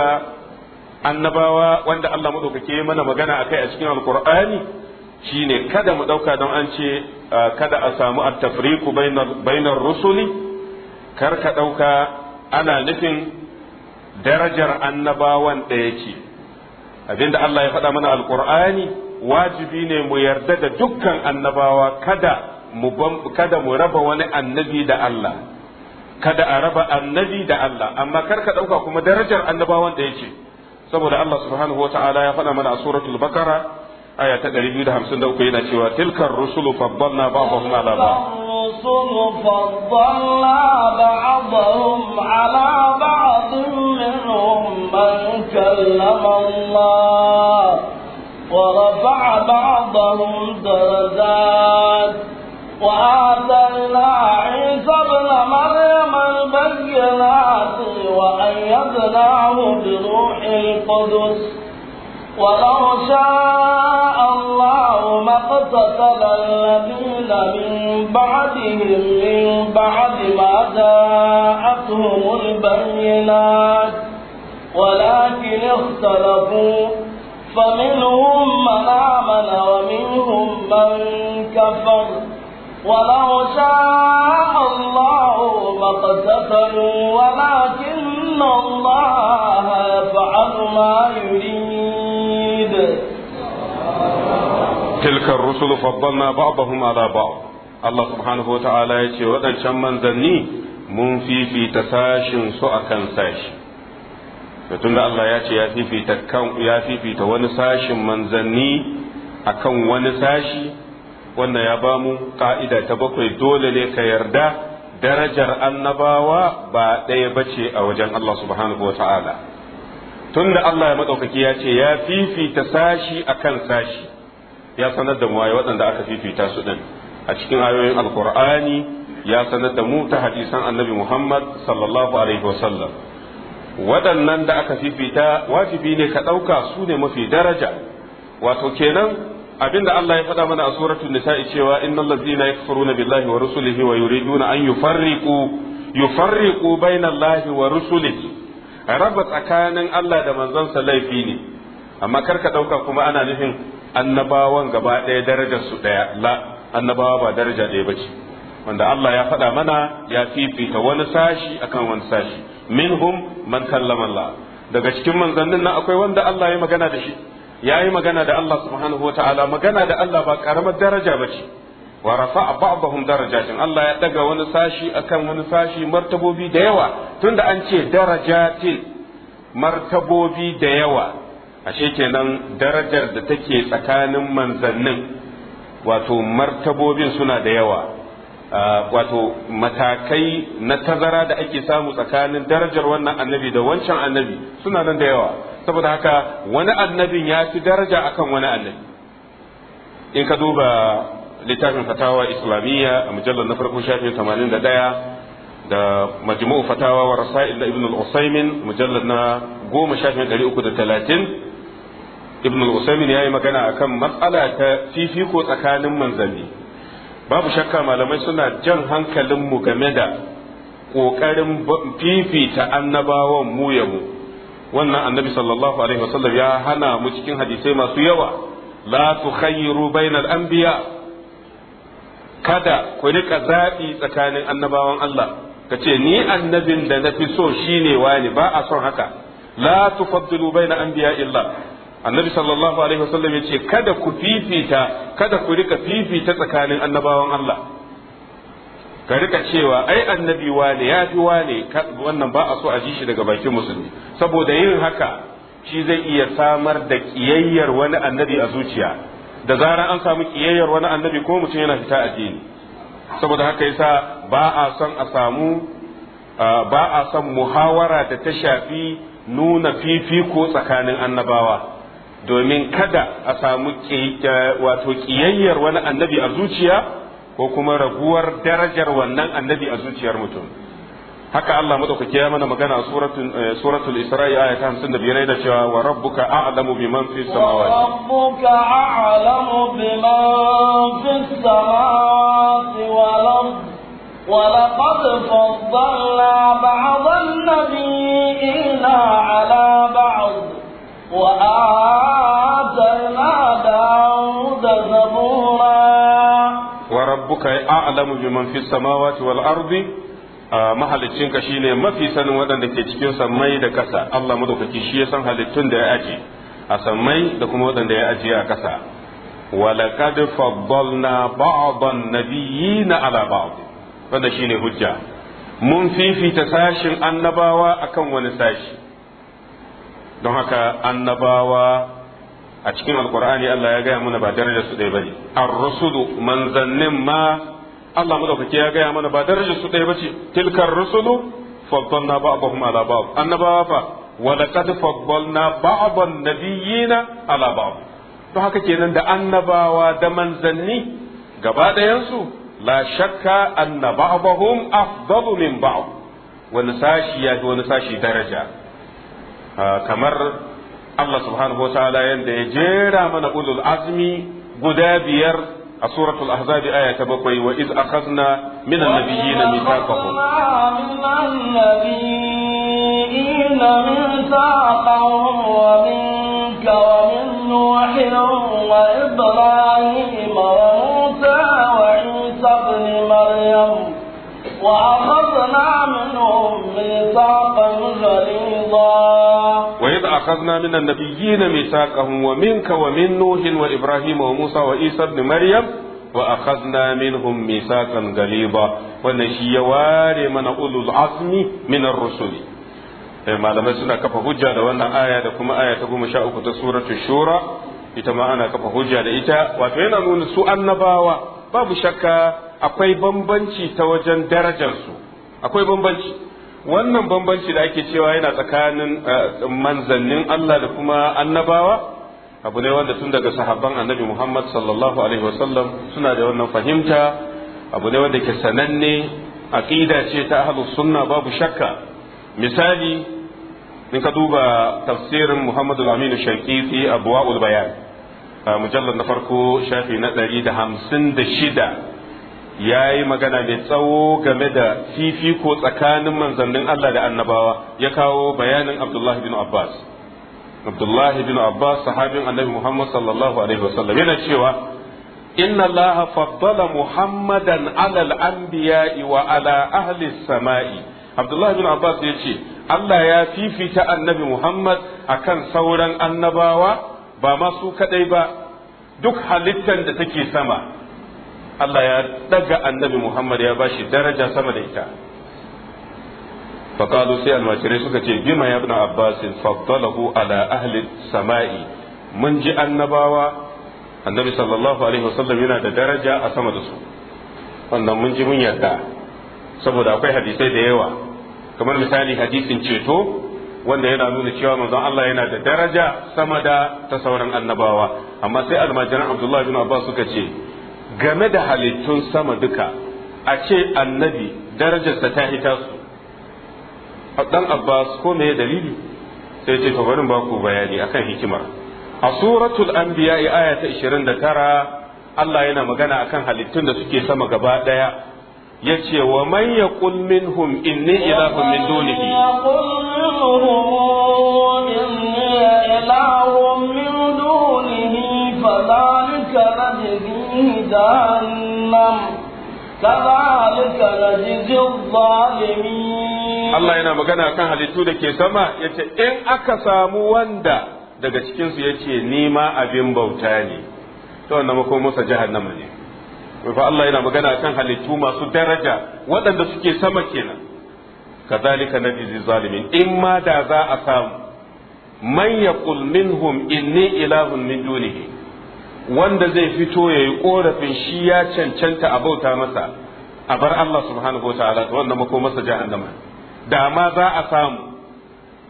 annabawa wanda Allah madaukake mana magana akai a cikin alqur'ani shine kada mu dauka don an ce kada a samu at-tafriqu bainar rusuli kar ka dauka ana nufin darajar annabawan ɗaya ce abinda Allah ya faɗa mana alqur'ani wajibi ne mu yarda da dukkan annabawa kada mu kada mu raba wani annabi da Allah kada a raba annabi da Allah amma kar ka dauka kuma darajar annabawan ɗaya ce saboda Allah subhanahu wa ta'ala ya faɗa mana a suratul bakara aya ta 253 yana cewa tilkar rusulu faddalna ba'dahum ala ba'd rusulu faddalna ba'dahum ala ba'd minhum man kallama Allah ورفع بعضهم درجات وآتينا عيسى ابن مريم بالجناعة وأيدناه بروح القدس ولو شاء الله ما اقتتل الذين من بعدهم من بعد ما جاءتهم البينات ولكن اختلفوا فمنهم من آمن ومنهم من كفر ولو شاء الله ما اقتتلوا ولكن الله يفعل ما يريد تلك الرسل فضلنا بعضهم على بعض الله سبحانه وتعالى يتي waɗancan manzanni mun fifita sashin su akan sashi da tunda Allah ya ya fifita wani sashin manzanni akan wani sashi wannan ya ba mu ka'ida ta bakwai dole ne ka yarda darajar annabawa ba ɗaya ba ce a wajen Allah subhanahu wa ta'ala tun da Allah ya maɗaukaki ya ce ya fifita sashi akan sashi ya sanar da mu waɗanda aka fifita su ɗin a cikin ayoyin alkur'ani ya sanar da mu ta hadisan annabi muhammad sallallahu alaihi wasallam waɗannan da aka fifita wajibi ne ka ɗauka su ne mafi daraja wato kenan abinda Allah ya faɗa mana a suratul nisa'i cewa innal ladzina yakfuruna billahi wa rusulihi wa yuriduna an yufarriqu yufarriqu bainallahi wa rusulihi raba tsakanin Allah da manzansa laifi ne amma karka dauka kuma ana nufin annabawan gaba ɗaya darajar su ɗaya la annabawa ba daraja ɗaya bace wanda Allah ya faɗa mana ya fifita wani sashi akan wani sashi minhum man kallama Allah daga cikin manzannin nan akwai wanda Allah ya magana da shi ya yi magana da Allah subhanahu wa ta'ala magana da Allah ba karamar daraja ba ce wa rafa daraja darajatin Allah ya daga wani sashi akan wani sashi martabobi da yawa tunda an ce darajatin martabobi da yawa ashe kenan darajar da take tsakanin manzannin wato martabobin suna da yawa wato matakai na tazara da ake samu tsakanin darajar wannan annabi da wancan annabi suna nan da yawa saboda haka wani annabin ya fi daraja akan wani annabi in ka duba littafin fatawa islamiyya a mujallar na farko shafin 81 da majmu'u fatawa wa rasail da ibn al-usaymin mujallar na goma shafin 330 ibn al-usaymin ya yi magana akan matsala ta fifiko tsakanin manzanni babu shakka malamai suna jan hankalinmu game da ƙoƙarin fifita annabawan mu ya mu wannan annabi sallallahu alaihi wasallam ya hana mu cikin hadisai masu yawa la tukhayyiru bainal anbiya kada ku rika zaɓi tsakanin annabawan Allah kace ni annabin da na fi so shine wani ba a son haka la tufaddilu bainal anbiya illa annabi sallallahu alaihi wasallam ya ce kada ku fifita kada ku rika fifita tsakanin annabawan Allah ka rika cewa ai annabi wane ya fi wane wannan ba a so a ji shi daga bakin musulmi saboda yin haka shi zai iya samar da kiyayyar wani annabi a zuciya da zarar an samu kiyayyar wani annabi ko mutum yana fita addini saboda haka yasa ba a son a samu ba a son muhawara da ta shafi nuna fifiko tsakanin annabawa domin kada a samu wato ƙiyayyar wani annabi a zuciya ko kuma raguwar darajar wannan annabi a zuciyar mutum haka Allah madaukake ya mana magana a suratul eh, Isra'i aya ta 55 da cewa wa rabbuka a'lamu biman fi samawati wa rabbuka a'lamu biman fi samawati wal ardi ولقد فضلنا بعض النبيين على بعض وآتينا داود زبورا وربك أعلم بمن في السماوات والأرض ka shine mafi sanin waɗanda ke cikin sammai da ƙasa Allah madaukaki shi ya san halittun da ya aje a sammai da kuma waɗanda ya aje a ƙasa walaqad faddalna ba'dhan nabiyyina ala ba'd wanda shine hujja mun fifita sashin annabawa akan wani sashi don haka annabawa a cikin alkur'ani Allah ya gaya mana ba darajar su ɗaya bane ar-rusulu manzannin ma Allah madaukake ya gaya mana ba darajar su ɗaya bace tilkar rusulu faddalna ba'dahum ala ba'd annabawa fa wa laqad faddalna ba'dan nabiyyina ala ba'd to haka kenan da annabawa da manzanni gaba ɗayan su la shakka anna ba'dahum afdalu min ba'd wani sashi ya fi wani sashi daraja kamar Allah subhanahu wa ta'ala yanda ya jera mana ulul azmi guda biyar a suratul ahzabi aya ta bakwai wa iz akhadna min an-nabiyyina mithaqahum ميثاقهم ومنك ومن نوح وإبراهيم وموسى وعيسى ابن مريم وأخذنا منهم ميثاقا غليظا وإذ أخذنا من النبيين ميثاقهم ومنك ومن نوح وإبراهيم وموسى وعيسى ابن مريم وأخذنا منهم ميثاقا غليظا ونشي واري من أولو العزم من الرسل malamai suna kafa hujja da wannan aya da kuma aya ta goma sha uku ta suratu shura ita ma ana kafa hujja da ita wato yana nuna su annabawa babu shakka akwai bambanci ta wajen darajarsu akwai bambanci wannan bambanci da ake cewa yana tsakanin eh, manzannin Allah da kuma annabawa abu ne wanda tun daga sahabban annabi Muhammad sallallahu alaihi wasallam suna da wannan fahimta abu ne wanda ke sananne aqida ce ta ahlu sunna babu shakka misali in ka duba tafsirin Muhammad al-Amin Shaqiqi abwaul bayan mujallad na farko shafi na 156 ya yi magana mai tsawo game da fifiko tsakanin manzannin Allah da annabawa ya kawo bayanin Abdullahi bin Abbas. Abdullahi bin Abbas sahabin annabi Muhammad sallallahu Alaihi wasallam yana cewa inna Allah faddala Muhammadan alal biya wa ala ahli sama'i. Abdullahi bin Abbas ya ce Allah ya fifita annabi Muhammad akan sauran annabawa ba ma su kadai ba duk halittan da take sama Allah ya daga annabi Muhammad ya bashi daraja sama da ita faqalu sai almajirai suka ce bima ya ibn abbas faddalahu ala ahli sama'i mun ji annabawa annabi sallallahu alaihi wasallam yana da daraja a sama da su wannan mun ji mun yarda saboda akwai hadisai da yawa kamar misali hadisin ceto wanda yana nuna cewa manzon Allah yana da daraja sama da ta sauran annabawa amma sai almajiran Abdullahi bin Abbas suka ce game da halittun sama duka a ce annabi darajarsa ta hita su dan abbas ko me dalili sai ce to bari ba ku bayani akan hikima a suratul anbiya aya ta 29 Allah yana magana akan halittun da suke sama gaba daya yace wa manya yaqul minhum inni ilahun min dunihi جهنم كذلك نجزي الظالمين Allah yana magana kan halittu da ke sama yace in aka samu wanda daga cikin su yace ni ma abin bauta ne to wannan makomarsa jahannama ne fa Allah yana magana kan halittu masu daraja waɗanda suke sama kenan kazalika najzi zalimin in ma da za a samu man yaqul minhum inni ilahun min dunihi wanda zai fito ya yi korafin shi ya cancanta a bauta masa a bar Allah subhanahu wa ta'ala wannan mako masa jahannama da ma za a samu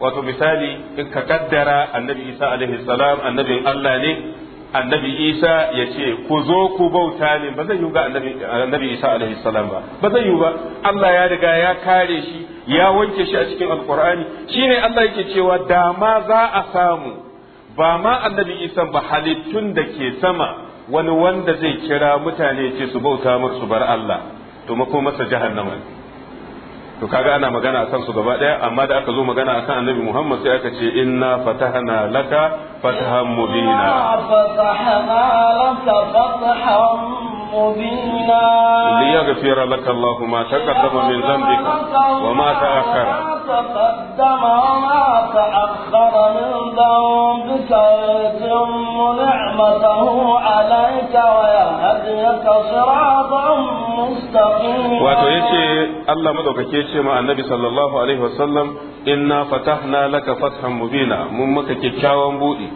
wato misali in ka kaddara annabi Isa alaihi salam annabin Allah ne annabi Isa ya ce ku zo ku bauta ne ba zai yi ga annabi Isa alaihi salam ba ba zai yi ba Allah ya riga ya kare shi ya wanke shi a cikin alqur'ani shine Allah yake cewa da ma za a samu ba ma annabi isa ba halittun da ke sama wani wanda zai kira mutane ce su bauta mar su bar Allah to mako masa jahannama to kaga ana magana akan su gaba daya amma da aka zo magana akan annabi Muhammad sai aka ce inna fatahna laka fatahan mubina fatahna مبينا ليغفر لك الله ما تقدم من ذنبك وما تأخر تقدم وما تأخر من ذنبك ويتم نعمته عليك ويهديك صراطا wato yace Allah madaukake ce ma annabi sallallahu alaihi wasallam inna fatahna laka fathan mubina mun maka kyakkyawan buɗi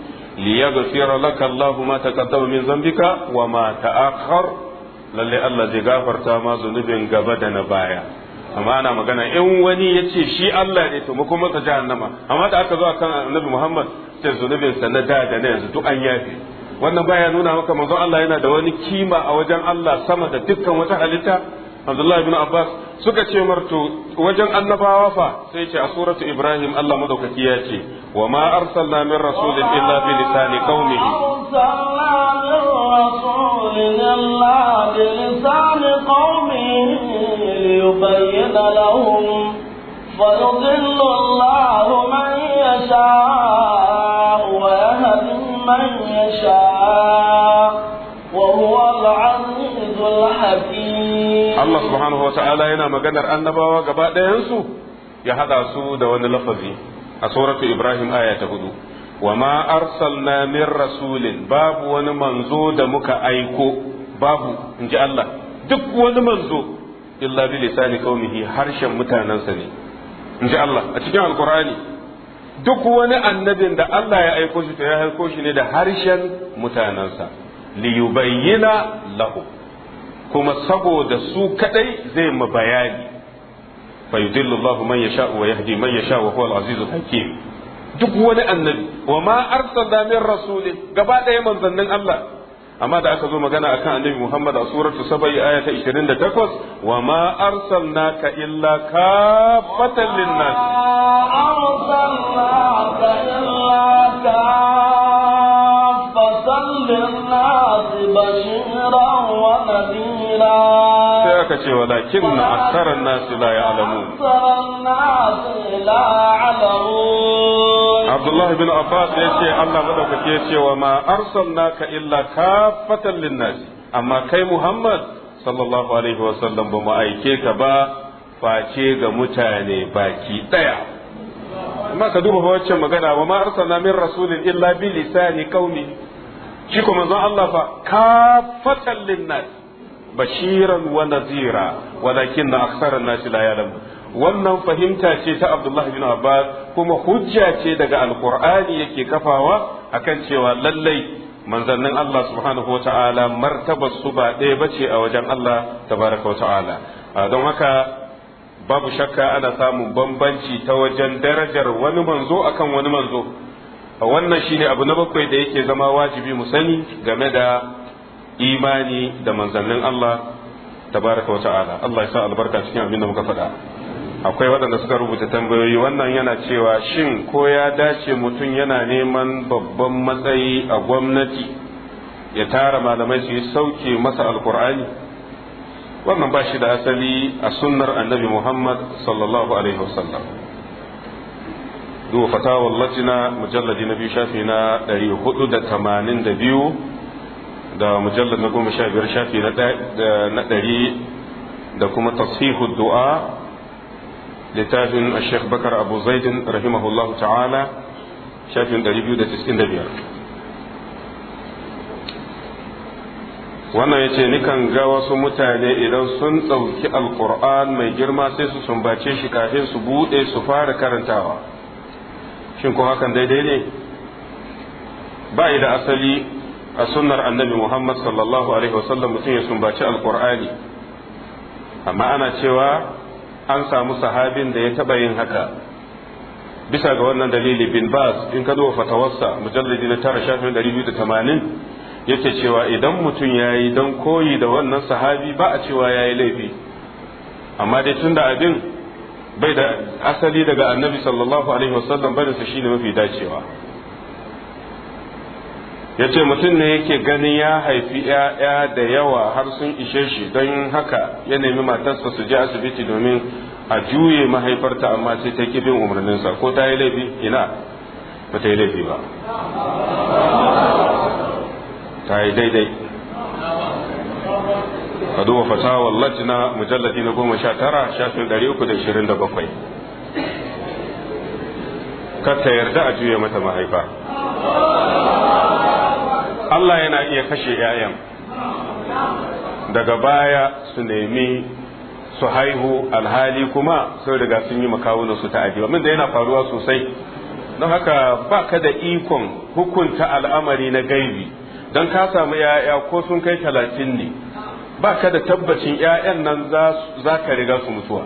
liyaghfira laka Allah ma taqaddama zambika wa ma ta'akhkhar lalle Allah zai gafarta ma zunubin gaba da na baya amma ana magana in wani ya ce shi Allah ne to muku masa jahannama amma da aka zo akan Annabi Muhammad ce zunubinsa na da da na yanzu duk an yafe wannan baya nuna maka manzon Allah yana da wani kima a wajen Allah sama da dukkan wata halitta Abdullahi ibn Abbas suka ce marto wajen annabawa fa sai ce a suratu Ibrahim Allah madaukaki ya ce wa ma arsalna min rasulin illa bi lisani qaumihi arsalna min rasulin illa bi lisani qaumihi Allah subhanahu wa ta'ala yana maganar annabawa gaba ɗayansu ya haɗa su da wani lafazi a suratu Ibrahim aya ta hudu ma arsalna min rasulin babu wani manzo da muka aiko babu inji Allah duk wani manzo illa bi lisani qaumihi harshen mutanansa ne inji Allah a cikin alqur'ani duk wani annabin da Allah ya aiko shi to ya aiko shi ne da harshen mutanansa liyubayyana lahu kuma saboda su kadai zai mu bayani fa yudillu Allah man yasha wa yahdi man yasha wa huwa al-azizul hakim duk wani annabi wa ma arsalna min rasulin gaba daya manzannin Allah amma da aka zo magana akan annabi Muhammad a suratu sabai aya ta 28 wa ma arsalnaka illa kafatan lin-nas arsalnaka illa kafatan للناس بشيرا ونذيرا سيأكا شيء ولكن أكثر الناس لا يعلمون أكثر الناس لا يعلمون عبد الله بن عباس يشي الله مدوكك يشي وما أرسلناك إلا كافة للناس أما كي محمد صلى الله عليه وسلم بما أيكيك با face ga mutane baki ɗaya amma ka duba waccan magana wa ma arsalna min rasulin illa bi lisani qaumi shi ko manzon Allah fa kafatan linnas bashiran wa nazira walakin aksara nasi la ya'lamu wannan fahimta ce ta Abdullah bin Abbas kuma hujja ce daga alqur'ani yake kafawa akan cewa lallai manzannin Allah subhanahu wa martabar su ba ɗaya bace a wajen Allah tabaraka wa don haka babu shakka ana samun bambanci ta wajen darajar wani manzo akan wani manzo wannan shine abu na bakwai da yake zama wajibi mu sani game da imani da manzannin Allah tabaraka wa ta'ala Allah ya sa albarka cikin abin da muka faɗa akwai waɗanda suka rubuta tambayoyi wannan yana cewa shin ko ya dace mutum yana neman babban matsayi a gwamnati ya tara malamai su yi sauke masa alkur'ani wannan ba shi da asali a sunnar annabi muhammad sallallahu alaihi wasallam duba fatawar latina mujalladi na biyu shafi na ɗari hudu da tamanin da biyu da mujallar na goma sha biyar shafi na ɗari da kuma tasihu du'a littafin sheikh bakar abu zaidin rahimahullah ta'ala shafin ɗari biyu da tiskin da biyar wannan ya ce nikan ga wasu mutane idan sun ɗauki alƙur'an mai girma sai su sumbace shi kafin su buɗe su fara karantawa shin ko hakan daidai ne ba da asali a sunnar annabi muhammad sallallahu alaihi wasallam mutum ya sumbaci alkur'ani amma ana cewa an samu sahabin da ya taba yin haka bisa ga wannan dalili bin bas in ka duba fatawarsa mujalladi na tara shafin 280 yake cewa idan mutum ya yi don koyi da wannan sahabi ba a cewa ya yi laifi amma dai tun da abin bai da asali daga annabi sallallahu alaihi wasallam da shi shine mafi dacewa ya ce mutum ne yake ganin ya haifi ‘ya'ya da yawa har sun ishe shi don haka ya nemi matarsa su je asibiti domin a juye mahaifarta amma sai ta bin umarninsa ko ta yi laifi ina ba ta yi laifi ba ta yi daidai ka duba lati na mujalladi na goma sha tara shafin ɗari uku da ishirin da bakwai kata yarda a juya mata mahaifa Allah yana iya kashe 'ya'yan daga baya su nemi su haihu alhali kuma sau riga sun yi makawunan su ta'adi min da yana faruwa sosai don haka ba ka da ikon hukunta al'amari na gaibi don ka samu ya'ya ko sun kai talatin ne baka da tabbacin ƴaƴan nan za ka riga su mutuwa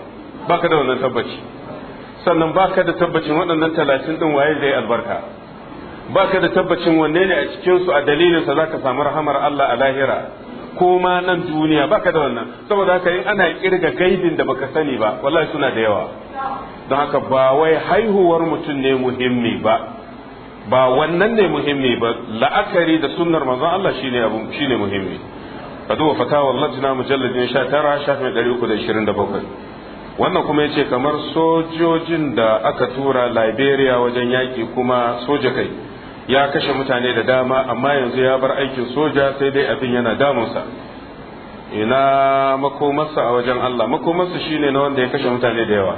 baka da wannan tabbaci sannan baka da tabbacin waɗannan talatin ɗin waye zai albarka baka da tabbacin wanne ne a cikin su a dalilin sa zaka samu rahamar Allah a lahira ko ma nan duniya baka da wannan saboda haka in ana kirga gaibin da baka sani ba wallahi suna da yawa don haka ba wai haihuwar mutum ne muhimmi ba ba wannan ne muhimmi ba la'akari da sunnar manzon Allah shine abu shine muhimmi ka duba fatawar lajina mujalladin sha tara shafin ɗari uku da ishirin da bakwai wannan kuma ya ce kamar sojojin da aka tura liberia wajen yaƙi kuma soja kai ya kashe mutane da dama amma yanzu ya bar aikin soja sai dai abin yana damunsa ina makomarsa a wajen allah makomarsa shine na wanda ya kashe mutane da yawa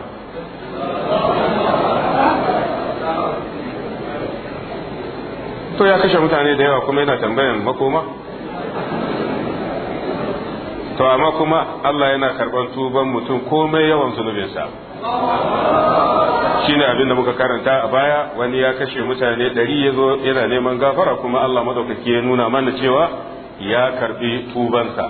to ya kashe mutane da yawa kuma yana tambayan makoma to amma kuma Allah yana karban tuban mutum komai yawan zunubinsa shine abin da muka karanta a baya wani ya kashe mutane ɗari ya zo yana neman gafara kuma Allah madaukaki ya nuna mana cewa ya karbi tubansa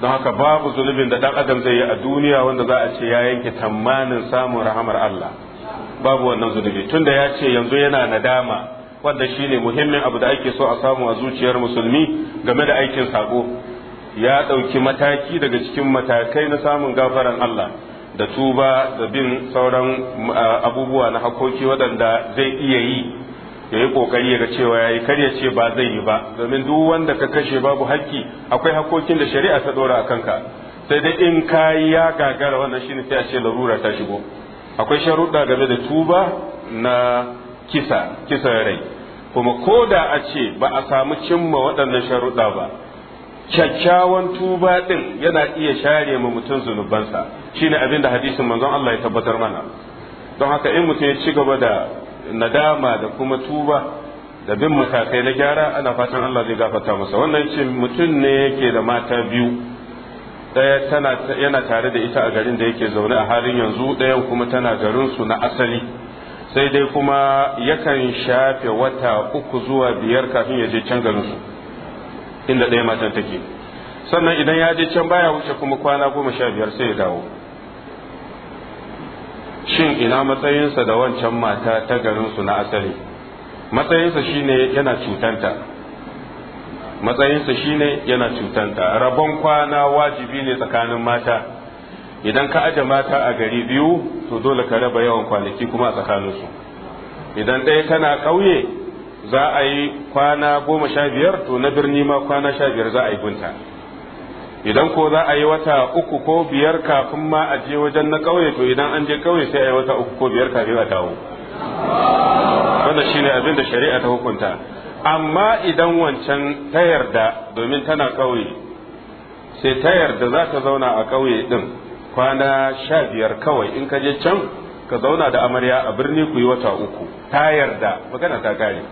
don haka babu zunubin da ɗan adam zai yi a duniya wanda za a ce ya yanke tamanin samun rahamar Allah babu wannan zunubi tunda ya ce yanzu yana nadama wanda shine muhimmin abu da ake so a samu a zuciyar musulmi game da aikin sako ya ɗauki mataki daga cikin matakai na samun gafaran Allah da tuba da bin sauran uh, abubuwa na hakoki waɗanda zai iya yi ya yi ƙoƙari ga cewa ya yi karya ce ba zai yi ba domin duk wanda ka kashe babu hakki akwai hakokin da shari'a ta ɗora a kanka sai dai in ka yi ya gagara wannan shi ne sai a ce larura ta shigo akwai sharuɗa game da tuba na kisa kisa rai kuma ko da a ce ba a samu cimma waɗannan sharuɗa ba kyakkyawan tuba din yana iya share ma mutum zunubansa shine abin da hadisin manzon Allah ya tabbatar mana don haka in mutum ya ci gaba da nadama da kuma tuba da bin mutakai na gyara ana fatan Allah zai gafarta masa wannan ce mutum ne yake da mata biyu ɗaya tana yana tare da ita a garin da yake zaune a halin yanzu ɗayan kuma tana garin su na asali sai dai kuma yakan shafe wata uku zuwa biyar kafin ya je can garin su inda ɗaya matan take sannan idan ya je can baya wuce kuma kwana goma sha biyar sai ya dawo shin ina matsayinsa da wancan mata ta garinsu na asali matsayinsa shine yana cutanta matsayinsa shine yana cutanta rabon kwana wajibi ne tsakanin mata idan ka aje mata a gari biyu to dole ka raba yawan kwanaki kuma a tsakaninsu idan ɗaya tana ƙauye za a yi kwana goma sha biyar to na birni ma kwana sha biyar za a yi gunta idan ko za a yi wata uku ko biyar kafin ma a je wajen na ƙauye to idan an je ƙauye sai a yi wata uku ko biyar kafin a dawo wannan shine abin da shari'a ta hukunta amma idan wancan ta yarda domin tana ƙauye sai ta yarda za ta zauna a ƙauye din kwana sha biyar kawai in ka je can ka zauna da amarya a birni ku yi wata uku ta yarda magana ta gane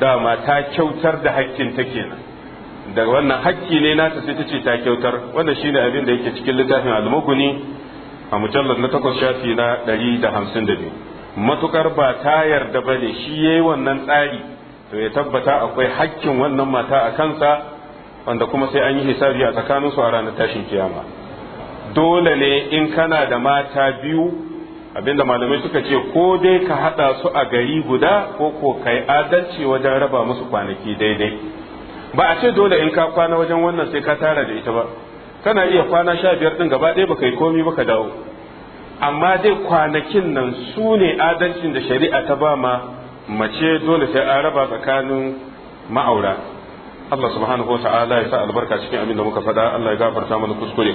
dama ta kyautar da hakkin ta kenan daga wannan hakki ne nata sai ta ce ta kyautar wanda shine abin da yake cikin littafin al-mughni a mujallar na takwas shafi na 152 matukar ba ta yarda bane shi yayi wannan tsari to ya tabbata akwai hakkin wannan mata a kansa wanda kuma sai an yi hisabi a tsakaninsu a ranar tashin kiyama dole ne in kana da mata biyu abinda malamai suka ce ko dai ka hada su a gari guda ko ko kai adalci wajen raba musu kwanaki daidai ba a ce dole in ka kwana wajen wannan sai ka tara da ita ba kana iya kwana sha biyar din gaba ɗaya baka yi komi baka dawo amma dai kwanakin nan su ne adalcin da shari'a ta ba ma mace dole sai an raba tsakanin ma'aura Allah subhanahu wa ta'ala ya sa albarka cikin abin da muka faɗa Allah ya gafarta mana kuskure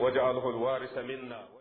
واجعله الوارث منا